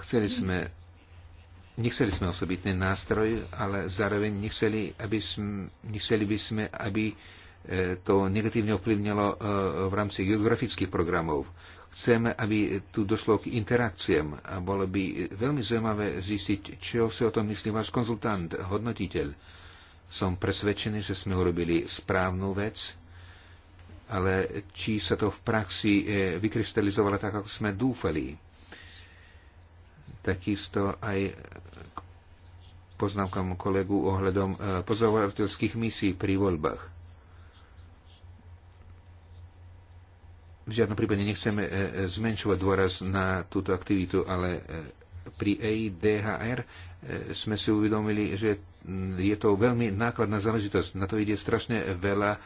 Chceli sme, nechceli sme osobitný nástroj, ale zároveň nechceli, aby sme, nechceli by sme, aby to negatívne ovplyvnilo v rámci geografických programov. Chceme, aby tu došlo k interakciám a bolo by veľmi zaujímavé zistiť, čo si o tom myslí váš konzultant, hodnotiteľ som presvedčený, že sme urobili správnu vec, ale či sa to v praxi e, vykrystalizovalo tak, ako sme dúfali. Takisto aj k poznámkam kolegu ohľadom e, pozorovateľských misií pri voľbách. v žiadnom prípade nechceme e, zmenšovať dôraz na túto aktivitu, ale pri EIDHR sme si uvedomili, že je to veľmi nákladná záležitosť. Na to ide strašne veľa e,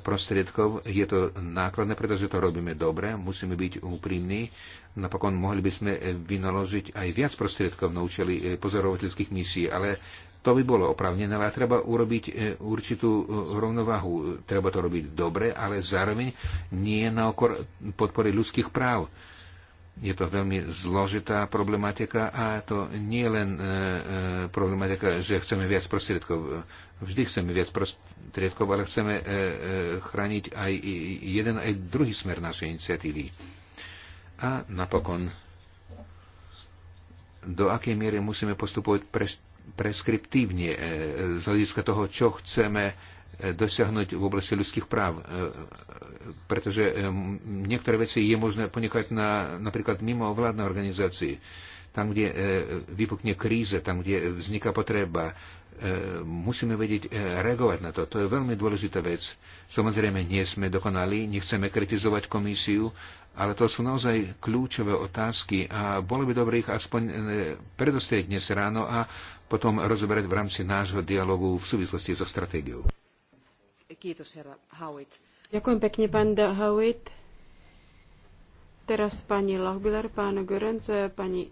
prostriedkov. Je to nákladné, pretože to robíme dobre, musíme byť úprimní. Napokon mohli by sme vynaložiť aj viac prostriedkov na účely e, pozorovateľských misií, ale to by bolo opravnené, ale treba urobiť e, určitú rovnovahu. Treba to robiť dobre, ale zároveň nie na okor podpory ľudských práv. Je to veľmi zložitá problematika a to nie len e, e, problematika, že chceme viac prostriedkov. Vždy chceme viac prostriedkov, ale chceme e, e, chrániť aj jeden, aj druhý smer našej iniciatívy. A napokon, do akej miery musíme postupovať pres, preskriptívne e, z hľadiska toho, čo chceme dosiahnuť v oblasti ľudských práv. E, pretože e, niektoré veci je možné ponechať na, napríklad mimo vládnej organizácii. Tam, kde e, vypukne kríza, tam, kde vzniká potreba, musíme vedieť reagovať na to. To je veľmi dôležitá vec. Samozrejme, nie sme dokonali, nechceme kritizovať komisiu, ale to sú naozaj kľúčové otázky a bolo by dobre ich aspoň predostrieť dnes ráno a potom rozoberať v rámci nášho dialogu v súvislosti so stratégiou. Kiitos, herra Howitt. Ďakujem pekne, pán Howitt. Teraz pani Lochbiller, pán Görenc, pani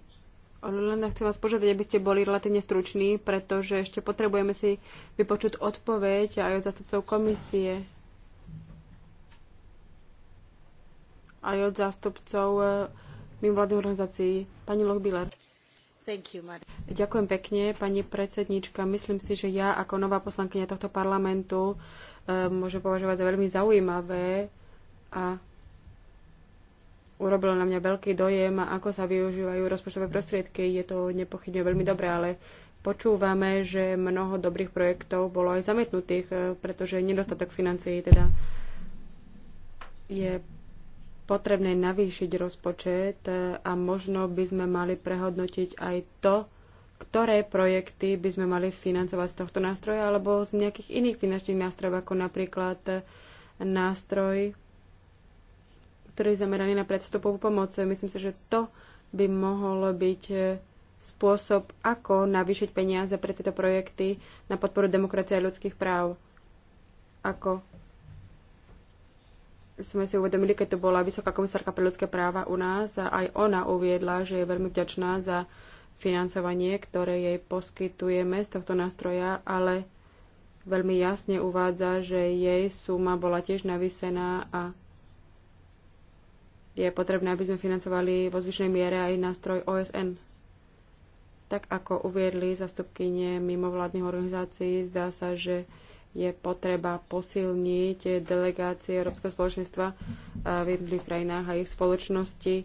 len chcem vás požiadať, aby ste boli relatívne struční, pretože ešte potrebujeme si vypočuť odpoveď aj od zastupcov komisie, aj od zástupcov eh, mimovládnych organizácií. Pani Lochbiller. You, Ďakujem pekne, pani predsednička. Myslím si, že ja ako nová poslankyňa tohto parlamentu Eh, môžem považovať za veľmi zaujímavé a urobilo na mňa veľký dojem, ako sa využívajú rozpočtové prostriedky. Je to nepochybne veľmi dobré, ale počúvame, že mnoho dobrých projektov bolo aj zametnutých, eh, pretože nedostatok financií teda je potrebné navýšiť rozpočet eh, a možno by sme mali prehodnotiť aj to, ktoré projekty by sme mali financovať z tohto nástroja alebo z nejakých iných finančných nástrojov, ako napríklad eh, nástroj, ktorý je zameraný na predstupovú pomoc. Myslím si, že to by mohol byť eh, spôsob, ako navýšiť peniaze pre tieto projekty na podporu demokracie a ľudských práv. Ako sme si uvedomili, keď to bola vysoká komisárka pre ľudské práva u nás a aj ona uviedla, že je veľmi vďačná za financovanie, ktoré jej poskytujeme z tohto nástroja, ale veľmi jasne uvádza, že jej suma bola tiež navysená a je potrebné, aby sme financovali vo zvyšnej miere aj nástroj OSN. Tak ako uviedli zastupkynie mimovládnych organizácií, zdá sa, že je potreba posilniť delegácie Európskeho spoločenstva v jednotlivých krajinách a ich spoločnosti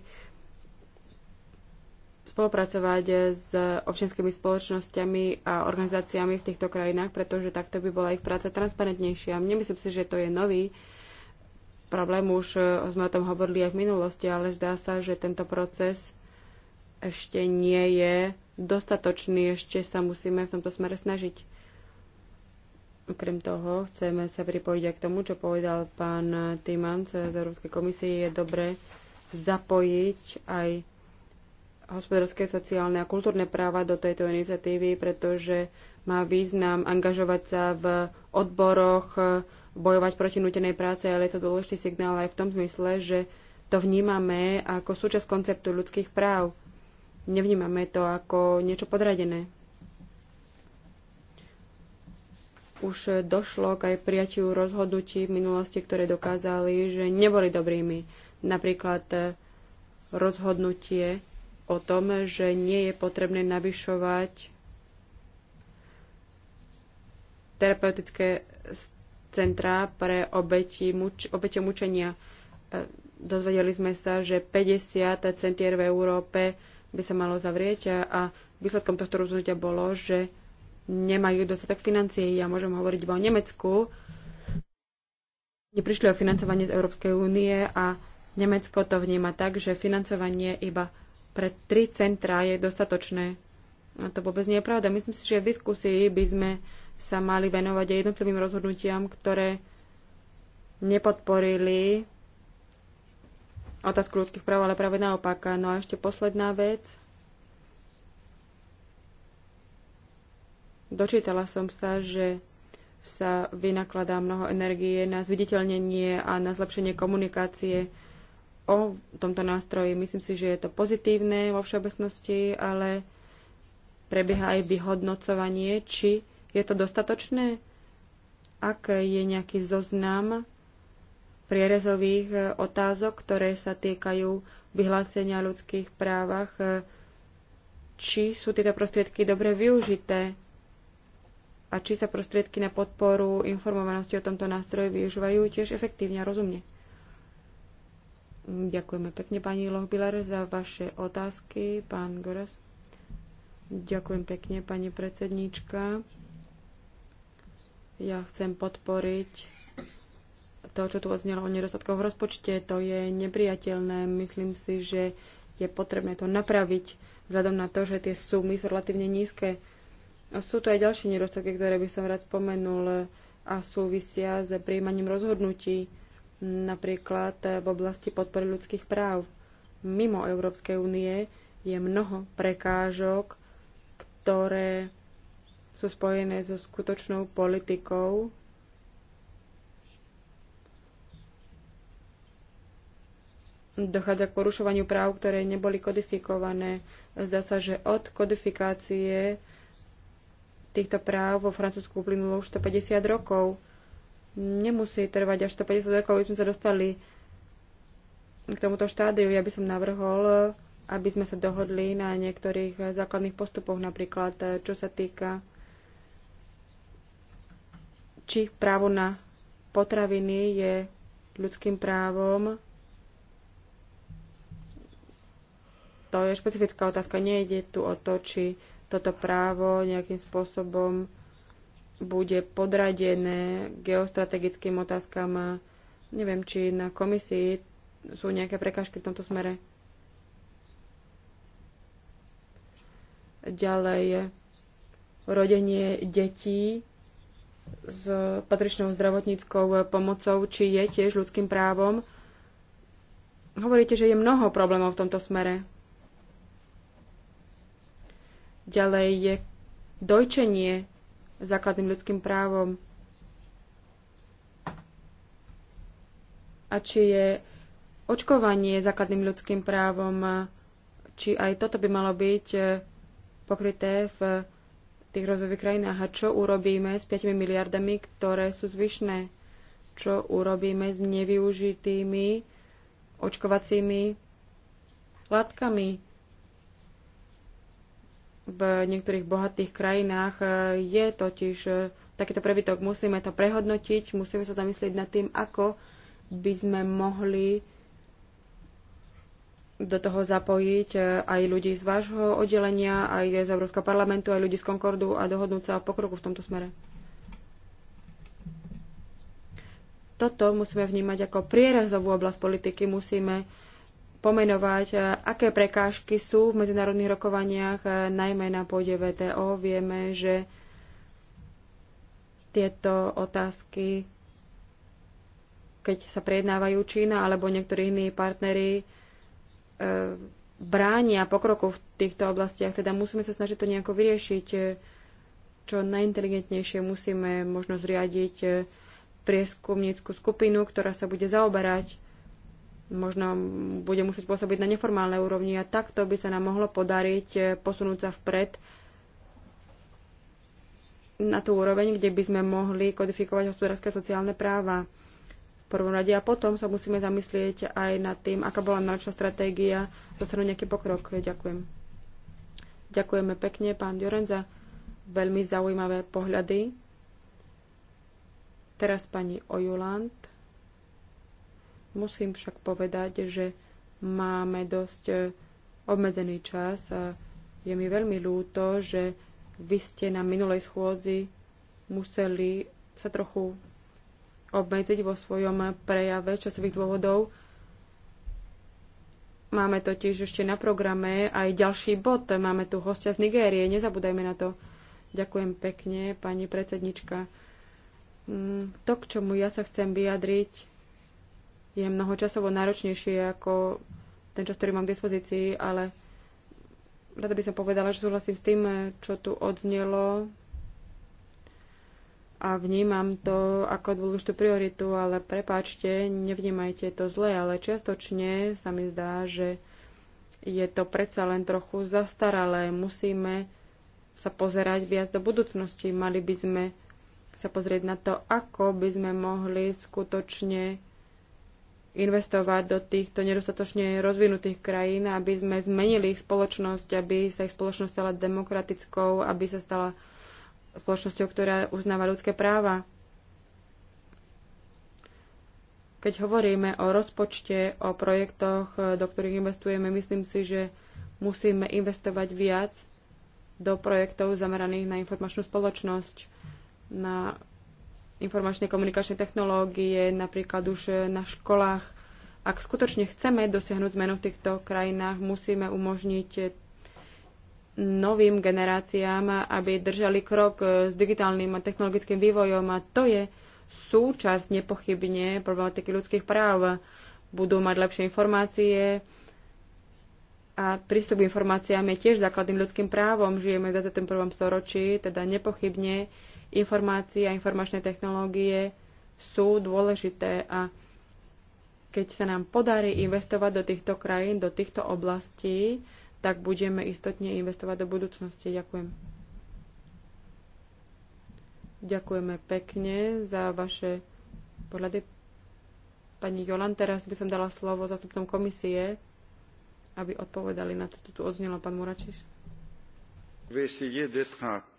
spolupracovať s občianskými spoločnosťami a organizáciami v týchto krajinách, pretože takto by bola ich práca transparentnejšia. Nemyslím si, že to je nový problém, už e, sme o tom hovorili aj v minulosti, ale zdá sa, že tento proces ešte nie je dostatočný, ešte sa musíme v tomto smere snažiť. Okrem toho chceme sa pripojiť aj k tomu, čo povedal pán Timans z Európskej komisie. Je dobre zapojiť aj hospodárske, sociálne a kultúrne práva do tejto iniciatívy, pretože má význam angažovať sa v odboroch, bojovať proti nutenej práce, ale je to dôležitý signál aj v tom zmysle, že to vnímame ako súčasť konceptu ľudských práv. Nevnímame to ako niečo podradené. Už došlo k aj prijatiu rozhodnutí v minulosti, ktoré dokázali, že neboli dobrými. Napríklad rozhodnutie o tom, že nie je potrebné navyšovať terapeutické centrá pre obeti, muč, obete mučenia. E, dozvedeli sme sa, že 50 centier v Európe by sa malo zavrieť a výsledkom tohto rozhodnutia bolo, že nemajú dostatok financií. Ja môžem hovoriť iba o Nemecku. Neprišli o financovanie z Európskej únie a Nemecko to vníma tak, že financovanie iba pre tri centrá je dostatočné. A to vôbec nie je pravda. Myslím si, že v diskusii by sme sa mali venovať aj jednotlivým rozhodnutiam, ktoré nepodporili otázku ľudských práv, ale práve naopak. No a ešte posledná vec. Dočítala som sa, že sa vynakladá mnoho energie na zviditeľnenie a na zlepšenie komunikácie o tomto nástroji. Myslím si, že je to pozitívne vo všeobecnosti, ale prebieha aj vyhodnocovanie, či je to dostatočné, ak je nejaký zoznam prierezových otázok, ktoré sa týkajú vyhlásenia ľudských právach, či sú tieto prostriedky dobre využité a či sa prostriedky na podporu informovanosti o tomto nástroji využívajú tiež efektívne a rozumne. Ďakujeme pekne, pani Lohbiler, za vaše otázky. Pán Goras. Ďakujem pekne, pani predsedníčka. Ja chcem podporiť to, čo tu odznelo o nedostatkoch v rozpočte. To je nepriateľné. Myslím si, že je potrebné to napraviť vzhľadom na to, že tie sumy sú relatívne nízke. Sú tu aj ďalšie nedostatky, ktoré by som rád spomenul a súvisia s príjmaním rozhodnutí Napríklad eh, v oblasti podpory ľudských práv. Mimo Európskej únie je mnoho prekážok, ktoré sú spojené so skutočnou politikou dochádza k porušovaniu práv, ktoré neboli kodifikované. Zdá sa, že od kodifikácie týchto práv vo Francúzsku uplynulo už 150 rokov nemusí trvať až 150 rokov, aby sme sa dostali k tomuto štádiu. Ja by som navrhol, aby sme sa dohodli na niektorých základných postupoch, napríklad čo sa týka či právo na potraviny je ľudským právom. To je špecifická otázka. Nejde tu o to, či toto právo nejakým spôsobom bude podradené geostrategickým otázkam. Neviem, či na komisii sú nejaké prekážky v tomto smere. Ďalej, rodenie detí s patričnou zdravotníckou pomocou, či je tiež ľudským právom. Hovoríte, že je mnoho problémov v tomto smere. Ďalej je dojčenie základným ľudským právom a či je očkovanie základným ľudským právom, či aj toto by malo byť e, pokryté v tých rozvojových krajinách a čo urobíme s 5 miliardami, ktoré sú zvyšné, čo urobíme s nevyužitými očkovacími látkami, v niektorých bohatých krajinách e, je totiž e, takýto prebytok. Musíme to prehodnotiť, musíme sa zamyslieť nad tým, ako by sme mohli do toho zapojiť e, aj ľudí z vášho oddelenia, aj z Európskeho parlamentu, aj ľudí z Concordu a dohodnúť sa o pokroku v tomto smere. Toto musíme vnímať ako prierezovú oblasť politiky. Musíme pomenovať, e, aké prekážky sú v medzinárodných rokovaniach, e, najmä na pôde VTO. Vieme, že tieto otázky, keď sa prejednávajú Čína alebo niektorí iní partnery, e, bránia pokroku v týchto oblastiach. Teda musíme sa snažiť to nejako vyriešiť. Čo najinteligentnejšie musíme možno zriadiť prieskumníckú skupinu, ktorá sa bude zaoberať možno bude musieť pôsobiť na neformálnej úrovni a takto by sa nám mohlo podariť e, posunúť sa vpred na tú úroveň, kde by sme mohli kodifikovať hospodárske a sociálne práva v prvom rade a potom sa musíme zamyslieť aj nad tým, aká bola náročná stratégia, dosiahnuť nejaký pokrok. Ďakujem. Ďakujeme pekne, pán Joren, za veľmi zaujímavé pohľady. Teraz pani Ojuland. Musím však povedať, že máme dosť e, obmedzený čas a je mi veľmi ľúto, že vy ste na minulej schôdzi museli sa trochu obmedziť vo svojom prejave časových dôvodov. Máme totiž ešte na programe aj ďalší bod. Máme tu hostia z Nigérie, nezabúdajme na to. Ďakujem pekne, pani predsednička. Mm, to, k čomu ja sa chcem vyjadriť, je mnoho časovo náročnejšie ako ten čas, ktorý mám k dispozícii, ale rada by som povedala, že súhlasím s tým, čo tu odznelo a vnímam to ako dôležitú prioritu, ale prepáčte, nevnímajte to zle, ale čiastočne sa mi zdá, že je to predsa len trochu zastaralé. Musíme sa pozerať viac do budúcnosti. Mali by sme sa pozrieť na to, ako by sme mohli skutočne investovať do týchto nedostatočne rozvinutých krajín, aby sme zmenili ich spoločnosť, aby sa ich spoločnosť stala demokratickou, aby sa stala spoločnosťou, ktorá uznáva ľudské práva. Keď hovoríme o rozpočte, o projektoch, do ktorých investujeme, myslím si, že musíme investovať viac do projektov zameraných na informačnú spoločnosť, na informačné komunikačné technológie, napríklad už na školách. Ak skutočne chceme dosiahnuť zmenu v týchto krajinách, musíme umožniť novým generáciám, aby držali krok s digitálnym a technologickým vývojom a to je súčasť nepochybne problematiky ľudských práv. Budú mať lepšie informácie a prístup k informáciám je tiež základným ľudským právom. Žijeme v 21. storočí, teda nepochybne informácie a informačné technológie sú dôležité a keď sa nám podarí investovať do týchto krajín, do týchto oblastí, tak budeme istotne investovať do budúcnosti. Ďakujem. Ďakujeme pekne za vaše pohľady. Pani Jolan, teraz by som dala slovo zastupcom komisie, aby odpovedali na to, čo tu odznelo pán Muračiš.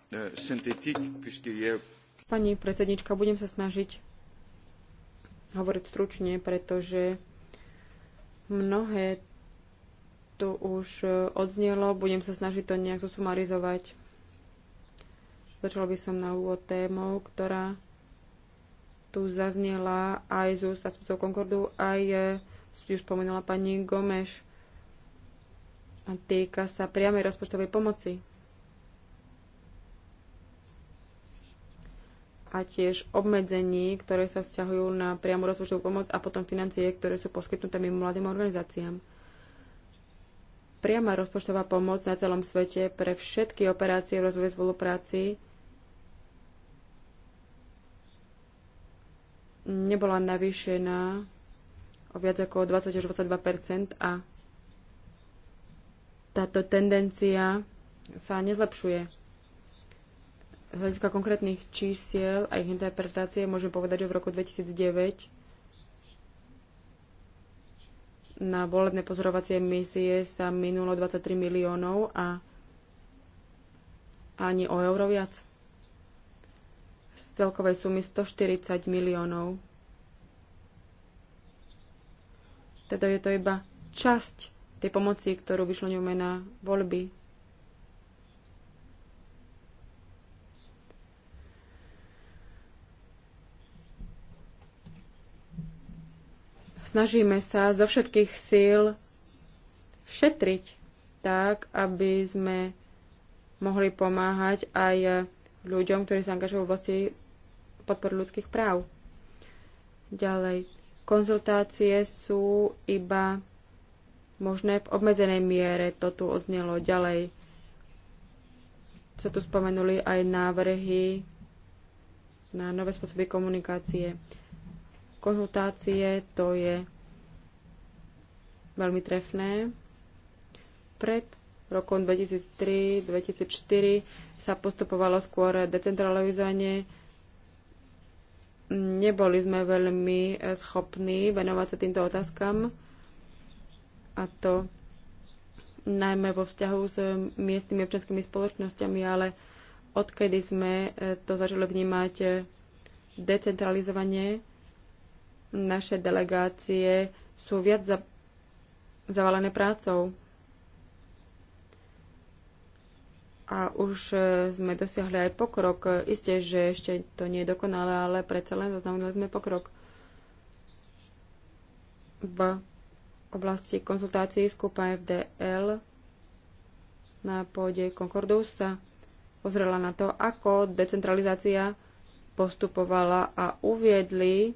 Eh, pani predsednička, budem sa snažiť hovoriť stručne, pretože mnohé tu už eh, odznelo, budem sa snažiť to nejak zosumarizovať. Začala by som na úvod témou, ktorá tu zaznela aj z úst zástupcov Concordu, aj eh, ju spomenula pani Gomeš. A týka sa priamej rozpočtovej pomoci. a tiež obmedzení, ktoré sa vzťahujú na priamu rozpočtovú pomoc a potom financie, ktoré sú poskytnuté mimo mladým organizáciám. Priama rozpočtová pomoc na celom svete pre všetky operácie v rozvoju spolupráci nebola navýšená o viac ako 20 až 22 a táto tendencia sa nezlepšuje z hľadiska konkrétnych čísiel a ich interpretácie môžem povedať, že v roku 2009 na volebné pozorovacie misie sa minulo 23 miliónov a ani o euro viac. Z celkovej sumy 140 miliónov. Teda je to iba časť tej pomoci, ktorú vyšľňujeme na voľby Snažíme sa zo všetkých síl šetriť tak, aby sme mohli pomáhať aj ľuďom, ktorí sa angažujú v oblasti podporu ľudských práv. Ďalej, konzultácie sú iba možné v obmedzenej miere, to tu odznelo ďalej. Sa tu spomenuli aj návrhy na nové spôsoby komunikácie konzultácie, to je veľmi trefné. Pred rokom 2003-2004 sa postupovalo skôr decentralizovanie. Neboli sme veľmi schopní venovať sa týmto otázkam a to najmä vo vzťahu s miestnymi občanskými spoločnosťami, ale odkedy sme to začali vnímať decentralizovanie, naše delegácie sú viac za, zavalené prácou. A už e, sme dosiahli aj pokrok. Isté, že ešte to nie je dokonalé, ale predsa len zaznamenali sme pokrok. V oblasti konzultácií s kúpa FDL na pôde Concordusa sa pozrela na to, ako decentralizácia postupovala a uviedli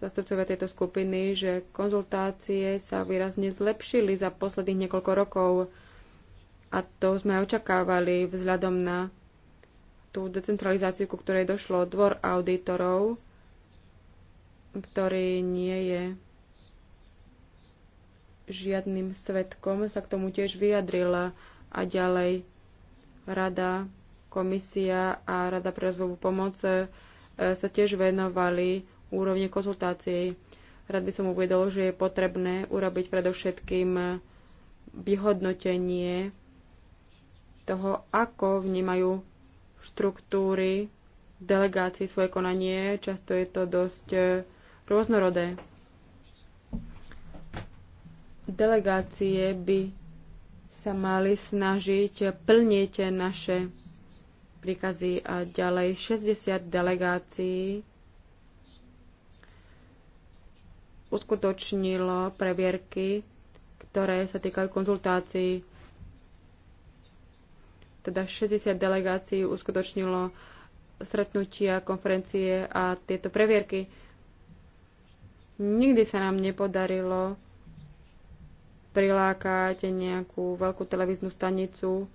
zastupcovia tejto skupiny, že konzultácie sa výrazne zlepšili za posledných niekoľko rokov a to sme očakávali vzhľadom na tú decentralizáciu, ku ktorej došlo dvor auditorov, ktorý nie je žiadnym svetkom, sa k tomu tiež vyjadrila a ďalej rada, komisia a rada pre rozvojovú pomoc e, sa tiež venovali úrovne konzultácií. Rád by som uvedol, že je potrebné urobiť predovšetkým vyhodnotenie toho, ako vnímajú štruktúry delegácií svoje konanie. Často je to dosť e, rôznorodé. Delegácie by sa mali snažiť plniť naše príkazy a ďalej 60 delegácií uskutočnilo previerky, ktoré sa týkajú konzultácií. Teda 60 delegácií uskutočnilo stretnutia, konferencie a tieto previerky. Nikdy sa nám nepodarilo prilákať nejakú veľkú televíznu stanicu,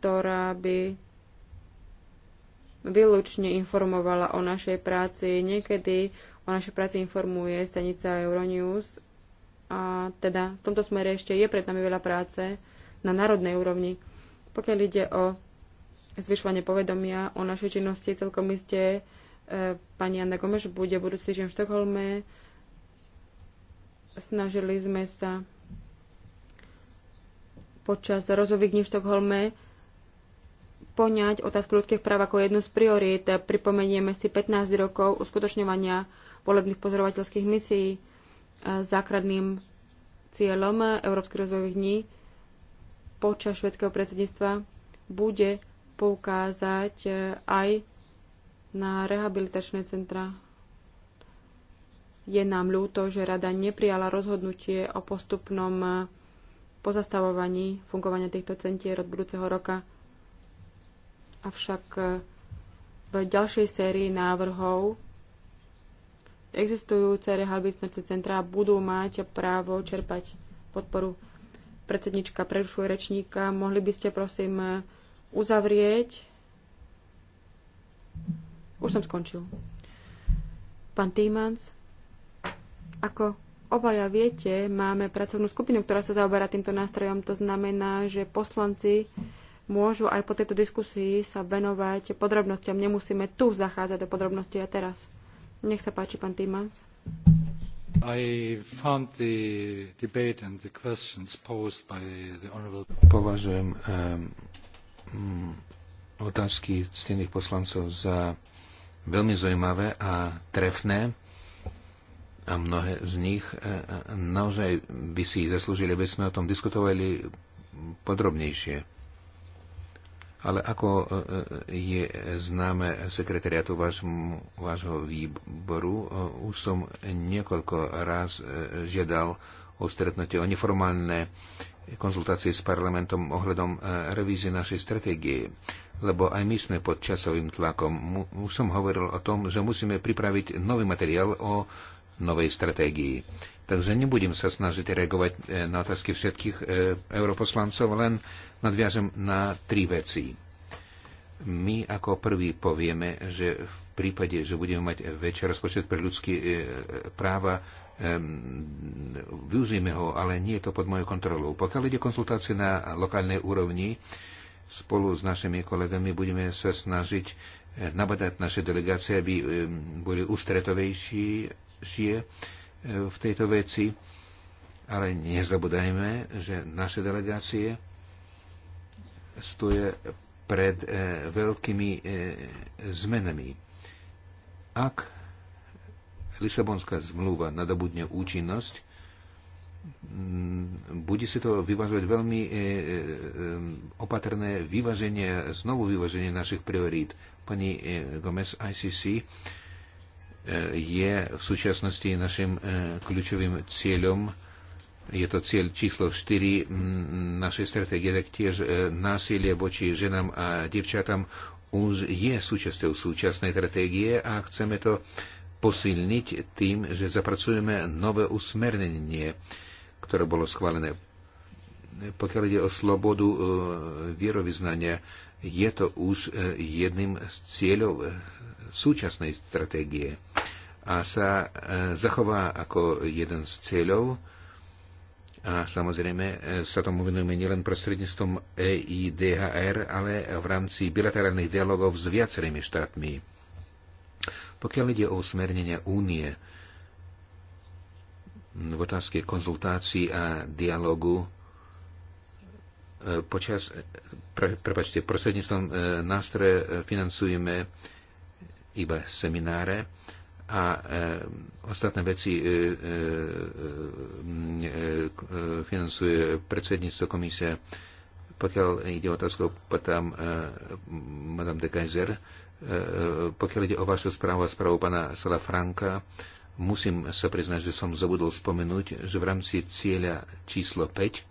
ktorá by vylúčne informovala o našej práci. Niekedy O našej práci informuje stanica Euronews a teda v tomto smere ešte je pred nami veľa práce na národnej úrovni. Pokiaľ ide o zvyšovanie povedomia o našej činnosti, celkom iste e, pani Anna Gomeš bude budúci týždeň v Štokholme. Snažili sme sa počas rozhových dní v Štokholme poňať otázku ľudských práv ako jednu z priorít. Pripomenieme si 15 rokov uskutočňovania volebných pozorovateľských misií. E, základným cieľom Európskych rozvojových dní počas švedského predsedníctva bude poukázať e, aj na rehabilitačné centra. Je nám ľúto, že rada neprijala rozhodnutie o postupnom e, pozastavovaní fungovania týchto centier od budúceho roka. Avšak v ďalšej sérii návrhov existujúce rehabilitačné centrá budú mať právo čerpať podporu. Predsednička prerušuje rečníka. Mohli by ste prosím uzavrieť? Už som skončil. Pán Týmans, ako obaja viete, máme pracovnú skupinu, ktorá sa zaoberá týmto nástrojom. To znamená, že poslanci môžu aj po tejto diskusii sa venovať podrobnostiam. Nemusíme tu zachádzať do podrobností a teraz. Nech sa páči, pán Týmans. I found the the debate and questions posed by the Honorable... Považujem um, otázky ctených poslancov za veľmi zaujímavé a trefné a mnohé z nich e, e, naozaj by si zaslúžili, aby sme o tom diskutovali podrobnejšie. Ale ako e, e, je známe sekretariatu vášho výboru, e, už som niekoľko raz žiadal o stretnutie, o neformálne konzultácie s parlamentom ohľadom revízie našej stratégie, lebo aj my sme pod časovým tlakom. Už som hovoril o tom, že musíme pripraviť nový materiál o novej stratégii. Takže nebudem sa snažiť reagovať e, na otázky všetkých e, europoslancov, len nadviažem na tri veci. My ako prvý povieme, že v prípade, že budeme mať väčší rozpočet pre ľudské e, práva, využijeme ho, ale nie je to pod mojou kontrolou. Pokiaľ ide konsultácie na lokálnej úrovni, spolu s našimi kolegami budeme sa snažiť nabadať naše delegácie, aby boli ústretovejší žije e, v tejto veci, ale nezabudajme, že naše delegácie stoje pred e, veľkými e, zmenami. Ak Lisabonská zmluva nadobudne účinnosť, bude si to vyvažovať veľmi opatrné vyvaženie, znovu vyvaženie našich priorít. Pani Gomez ICC je v súčasnosti našim e, kľúčovým cieľom. Je to cieľ číslo 4 našej stratégie, taktiež e, násilie voči ženám a devčatám už je súčasťou súčasnej stratégie a chceme to posilniť tým, že zapracujeme nové usmernenie, ktoré bolo schválené. Pokiaľ ide o slobodu e, vierovýznania, je to už jedným z cieľov súčasnej stratégie a sa e, zachová ako jeden z cieľov a samozrejme e, sa tomu venujeme nielen prostredníctvom EIDHR, ale v rámci bilaterálnych dialogov s viacerými štátmi. Pokiaľ ide o usmernenia únie v otázke konzultácií a dialogu e, počas, pre, prepačte, prostredníctvom nástroje financujeme iba semináre a e, ostatné veci e, e, e, financuje predsedníctvo komisie. Pokiaľ ide o otázku, potom e, Madame de Kaiser, e, pokiaľ ide o vašu správu a správu pána Franka, musím sa priznať, že som zabudol spomenúť, že v rámci cieľa číslo 5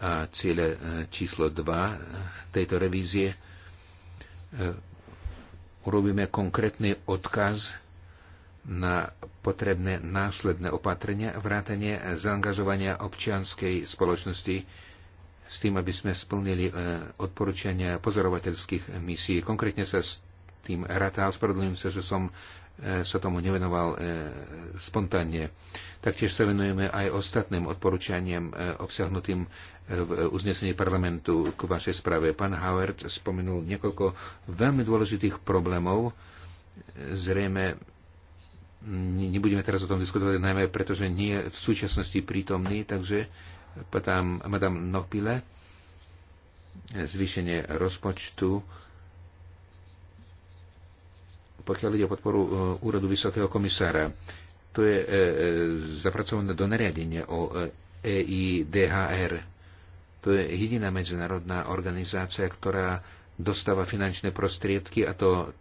a cieľa číslo 2 tejto revízie urobíme konkrétny odkaz na potrebné následné opatrenia, vrátanie zaangažovania občianskej spoločnosti s tým, aby sme splnili e, odporúčania pozorovateľských misií. Konkrétne sa s tým rátal, spravodlím sa, že som E, sa tomu nevenoval e, spontánne. Taktiež sa venujeme aj ostatným odporúčaniam e, obsiahnutým v uznesení parlamentu k vašej správe. Pán Howard spomenul niekoľko veľmi dôležitých problémov. Zrejme nebudeme teraz o tom diskutovať, najmä pretože nie je v súčasnosti prítomný, takže patám Madame Nopile zvýšenie rozpočtu pokiaľ ide o podporu e, úradu Vysokého komisára. To je e, e, zapracované do nariadenia o EIDHR. To je jediná medzinárodná organizácia, ktorá dostáva finančné prostriedky a to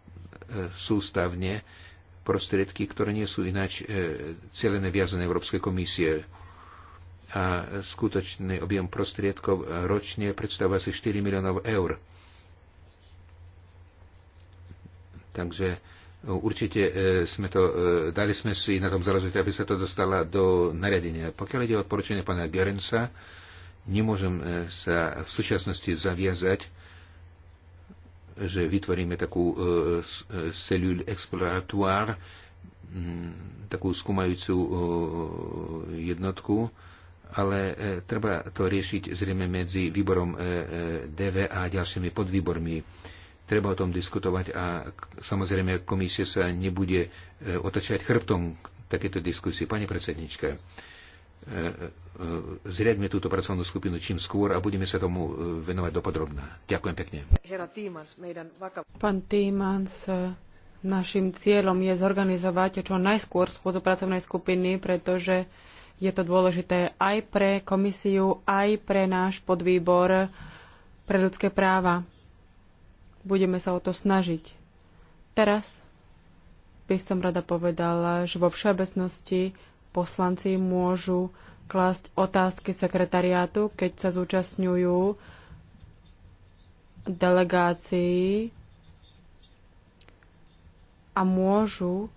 sústavne prostriedky, ktoré nie sú ináč celené viazané Európskej komisie. A skutočný objem prostriedkov ročne predstavuje asi 4 miliónov eur Takže e, určite e, sme to, e, dali sme si na tom záležite, aby sa to dostala do nariadenia. Pokiaľ ide o odporúčanie pána Gerenca, nemôžem sa v súčasnosti zaviazať, že vytvoríme takú cellule exploratoire, mm, takú skúmajúcu jednotku, ale treba to riešiť zrejme medzi výborom DV a ďalšími podvýbormi. Treba o tom diskutovať a samozrejme komisia sa nebude e, otočať chrbtom takéto diskusii. Pani predsednička, e, e, zriadme túto pracovnú skupinu čím skôr a budeme sa tomu venovať dopodrobná. Ďakujem pekne. Pán Týmans, našim cieľom je zorganizovať čo najskôr schôdzu pracovnej skupiny, pretože je to dôležité aj pre komisiu, aj pre náš podvýbor pre ľudské práva. Budeme sa o to snažiť. Teraz by som rada povedala, že vo všeobecnosti poslanci môžu klásť otázky sekretariátu, keď sa zúčastňujú delegácií a môžu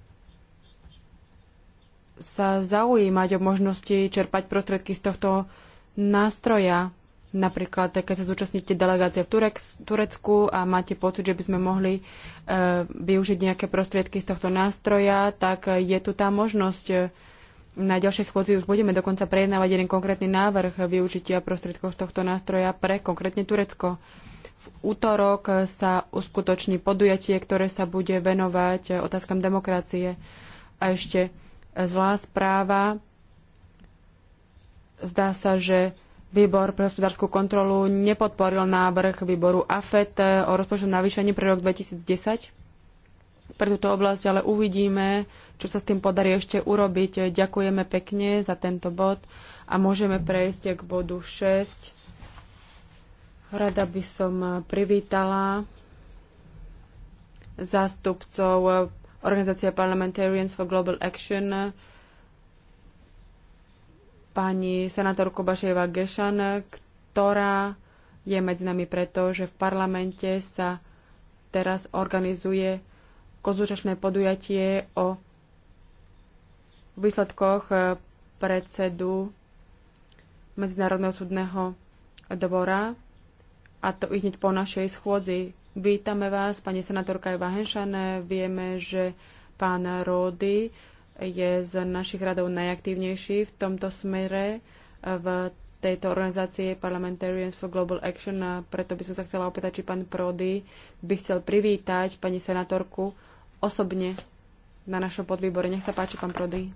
sa zaujímať o možnosti čerpať prostriedky z tohto nástroja. Napríklad, keď sa zúčastníte delegácie v Turek- Turecku a máte pocit, že by sme mohli e, využiť nejaké prostriedky z tohto nástroja, tak je tu tá možnosť. E, na ďalšej schôdzi už budeme dokonca prejednávať jeden konkrétny návrh využitia prostriedkov z tohto nástroja pre konkrétne Turecko. V útorok sa uskutoční podujatie, ktoré sa bude venovať otázkam demokracie. A ešte zlá správa. Zdá sa, že Výbor pre hospodárskú kontrolu nepodporil návrh výboru AFET o rozpočtovom navýšení pre rok 2010 pre túto oblasť, ale uvidíme, čo sa s tým podarí ešte urobiť. Ďakujeme pekne za tento bod a môžeme prejsť k bodu 6. Rada by som privítala zástupcov organizácie Parliamentarians for Global Action, pani senátorku Bašejeva Gešan, ktorá je medzi nami preto, že v parlamente sa teraz organizuje konzultačné podujatie o výsledkoch eh, predsedu Medzinárodného súdneho dvora a to i hneď po našej schôdzi. Vítame vás, pani senátorka Eva Henšan. Vieme, že pán Rody je z našich radov najaktívnejší v tomto smere v tejto organizácie Parliamentarians for Global Action a preto by som sa chcela opýtať, či pán Prody by chcel privítať pani senatorku osobne na našom podvýbore. Nech sa páči, pán Prody.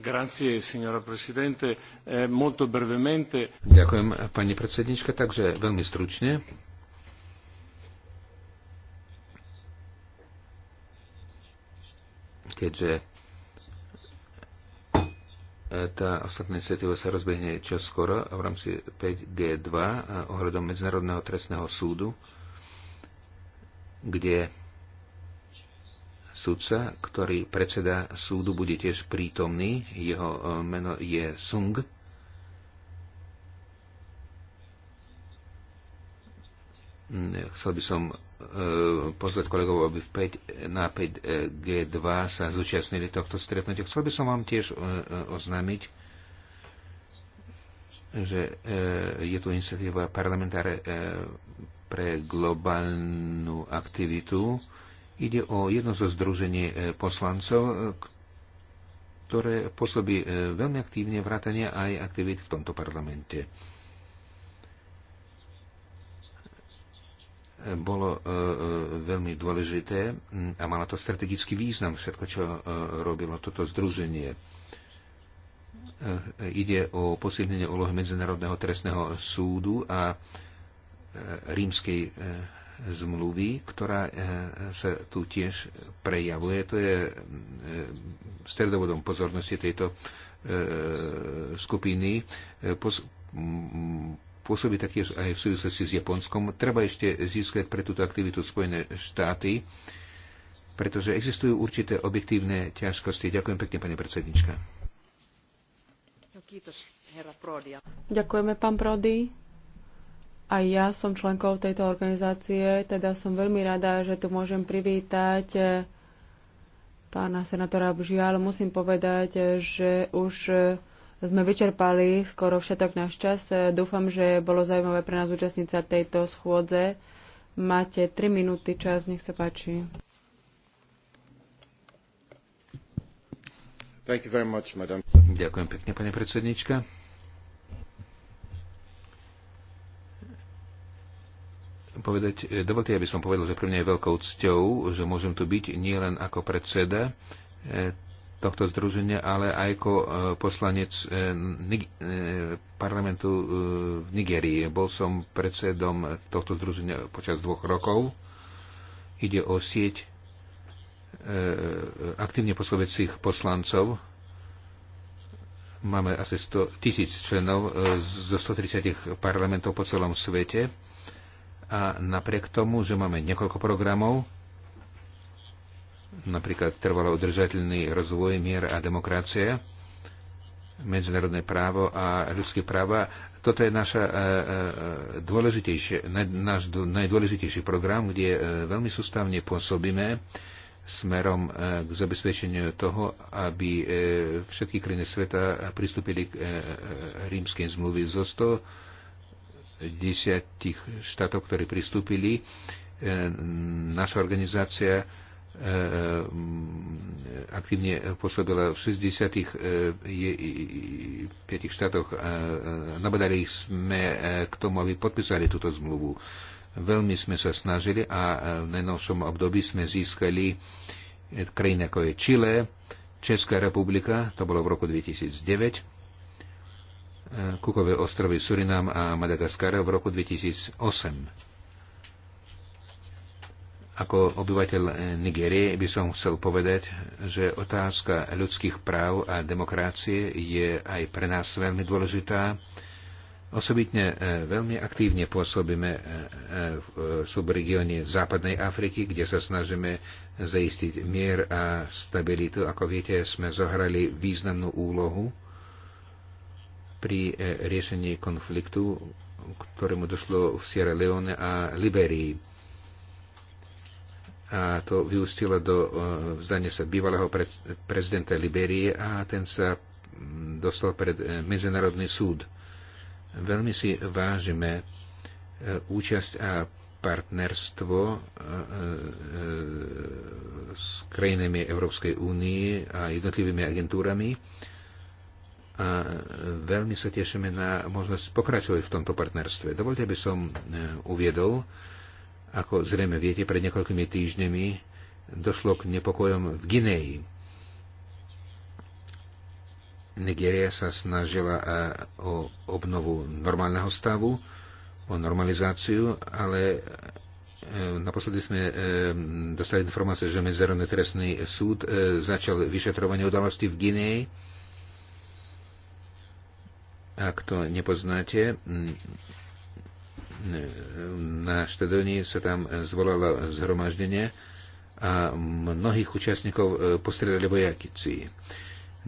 Grazie, signora Presidente. Eh, molto brevemente. Ďakujem, pani predsednička, takže veľmi stručne keďže e, tá ostatná iniciatíva sa rozbehne čoskoro v rámci 5G2 e, ohľadom Medzinárodného trestného súdu, kde sudca, ktorý predseda súdu bude tiež prítomný, jeho e, meno je Sung. Mm, chcel by som E, pozvať kolegov, aby v 5, na 5G2 sa zúčastnili tohto stretnutia. Chcel by som vám tiež e, e, oznámiť, že je tu iniciatíva parlamentáre pre globálnu aktivitu. Ide o jedno zo združení poslancov, ktoré pôsobí veľmi aktívne vrátanie aj aktivít v tomto parlamente. bolo e, e, veľmi dôležité a malo to strategický význam všetko, čo e, robilo toto združenie. Ide o posilnenie úlohy Medzinárodného trestného súdu a rímskej zmluvy, ktorá sa tu tiež prejavuje. To je stredovodom pozornosti tejto skupiny pôsobí taktiež aj v súvislosti s Japonskom. Treba ešte získať pre túto aktivitu Spojené štáty, pretože existujú určité objektívne ťažkosti. Ďakujem pekne, pani predsednička. Ďakujeme, pán Prody. Aj ja som členkou tejto organizácie, teda som veľmi rada, že tu môžem privítať eh, pána senátora Bžial. Musím povedať, eh, že už eh, sme vyčerpali skoro všetok náš čas. Dúfam, že bolo zaujímavé pre nás účastníca tejto schôdze. Máte 3 minúty čas, nech sa páči. Thank you very much, madam. Ďakujem pekne, pani predsednička. Povedať, dovolte, aby som povedal, že pre mňa je veľkou cťou, že môžem tu byť nielen ako predseda eh, tohto združenia, ale aj ako e, poslanec e, e, parlamentu v Nigerii. Bol som predsedom tohto združenia počas dvoch rokov. Ide o sieť aktívne poslovecích poslancov. Máme asi 100 tisíc členov zo 130 parlamentov po celom svete. A napriek tomu, že máme niekoľko programov, napríklad trvalo udržateľný rozvoj, mier a demokracia, medzinárodné právo a ľudské práva. Toto je naša, e, e dôležitejšie, náš najdôležitejší program, kde e, veľmi sústavne pôsobíme smerom e, k zabezpečeniu toho, aby všetky krajiny sveta pristúpili k rímskej zmluvy zo 100 desiatich štátov, ktorí pristúpili. Naša organizácia Eh, aktívne pôsobila v 65 eh, štátoch. Eh, nabadali ich sme k tomu, aby podpísali túto zmluvu. Veľmi sme sa snažili a v najnovšom období sme získali krajiny ako je Čile, Česká republika, to bolo v roku 2009, Kukové ostrovy Surinam a Madagaskara v roku 2008. Ako obyvateľ eh, Nigérie by som chcel povedať, že otázka ľudských práv a demokracie je aj pre nás veľmi dôležitá. Osobitne eh, veľmi aktívne pôsobíme eh, v subregióne Západnej Afriky, kde sa snažíme zaistiť mier a stabilitu. Ako viete, sme zohrali významnú úlohu pri riešení konfliktu, ktorému došlo v Sierra Leone a Liberii a to vyústilo do e, vzdania sa bývalého pre, prezidenta Liberie a ten sa dostal pred e, Medzinárodný súd. Veľmi si vážime e, účasť a partnerstvo s krajinami Európskej únie a jednotlivými agentúrami a veľmi sa tešíme na možnosť pokračovať v tomto partnerstve. Dovolte, aby som uviedol, ako zrejme viete, pred niekoľkými týždňami došlo k nepokojom v Gineji. Nigeria sa snažila e, o obnovu normálneho stavu, o normalizáciu, ale e, naposledy sme e, dostali informácie, že Medzerovný trestný súd začal vyšetrovanie udalosti v Gineji. Ak to nepoznáte, na štadóni sa tam zvolalo zhromaždenie a mnohých účastníkov e, postredali vojakici.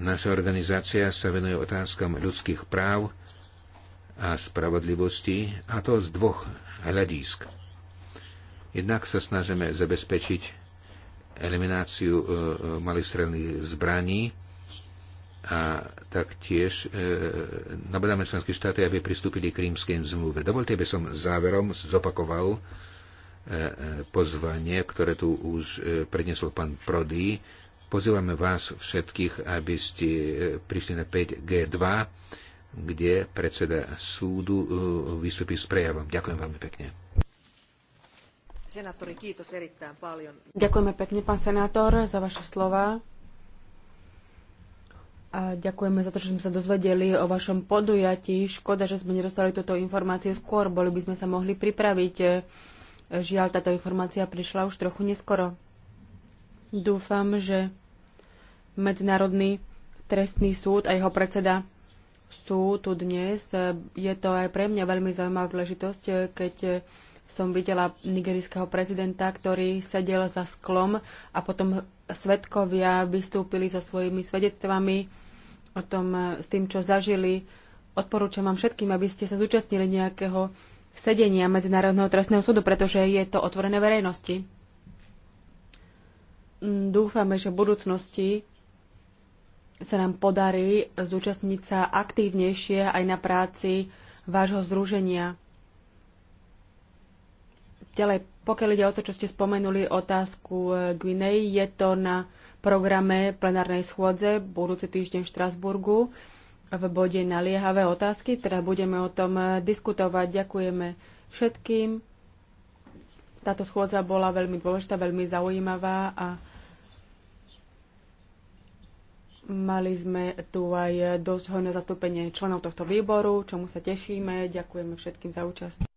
Naša organizácia sa venuje otázkam ľudských práv a spravodlivosti, a to z dvoch hľadísk. Jednak sa snažíme zabezpečiť elimináciu e, e, malistrelných zbraní a taktiež e, nabadáme členské štáty, aby pristúpili k rímskej zmluve. Dovolte, aby som záverom zopakoval e, e, pozvanie, ktoré tu už e, prednesol pán Prody. Pozývame vás všetkých, aby ste e, prišli na 5G2, kde predseda súdu e, vystúpi s prejavom. Ďakujem veľmi pekne. Senátori, Ďakujeme pekne, pán senátor, za vaše slova a ďakujeme za to, že sme sa dozvedeli o vašom podujatí. Škoda, že sme nedostali túto informáciu skôr, boli by sme sa mohli pripraviť. E, žiaľ, táto informácia prišla už trochu neskoro. Dúfam, že Medzinárodný trestný súd a jeho predseda sú tu dnes. E, je to aj pre mňa veľmi zaujímavá príležitosť, e, keď som videla nigerijského prezidenta, ktorý sedel za sklom a potom svetkovia vystúpili so svojimi svedectvami o tom, e, s tým, čo zažili. Odporúčam vám všetkým, aby ste sa zúčastnili nejakého sedenia Medzinárodného trestného súdu, pretože je to otvorené verejnosti. Mm, dúfame, že v budúcnosti sa nám podarí zúčastniť sa aktívnejšie aj na práci vášho združenia. Ďalej pokiaľ ide o to, čo ste spomenuli, otázku e, Guinei, je to na programe plenárnej schôdze budúci týždeň v Štrasburgu v bode naliehavé otázky, teda budeme o tom e, diskutovať. Ďakujeme všetkým. Táto schôdza bola veľmi dôležitá, veľmi zaujímavá a mali sme tu aj dosť hojné zastúpenie členov tohto výboru, čomu sa tešíme. Ďakujeme všetkým za účasť.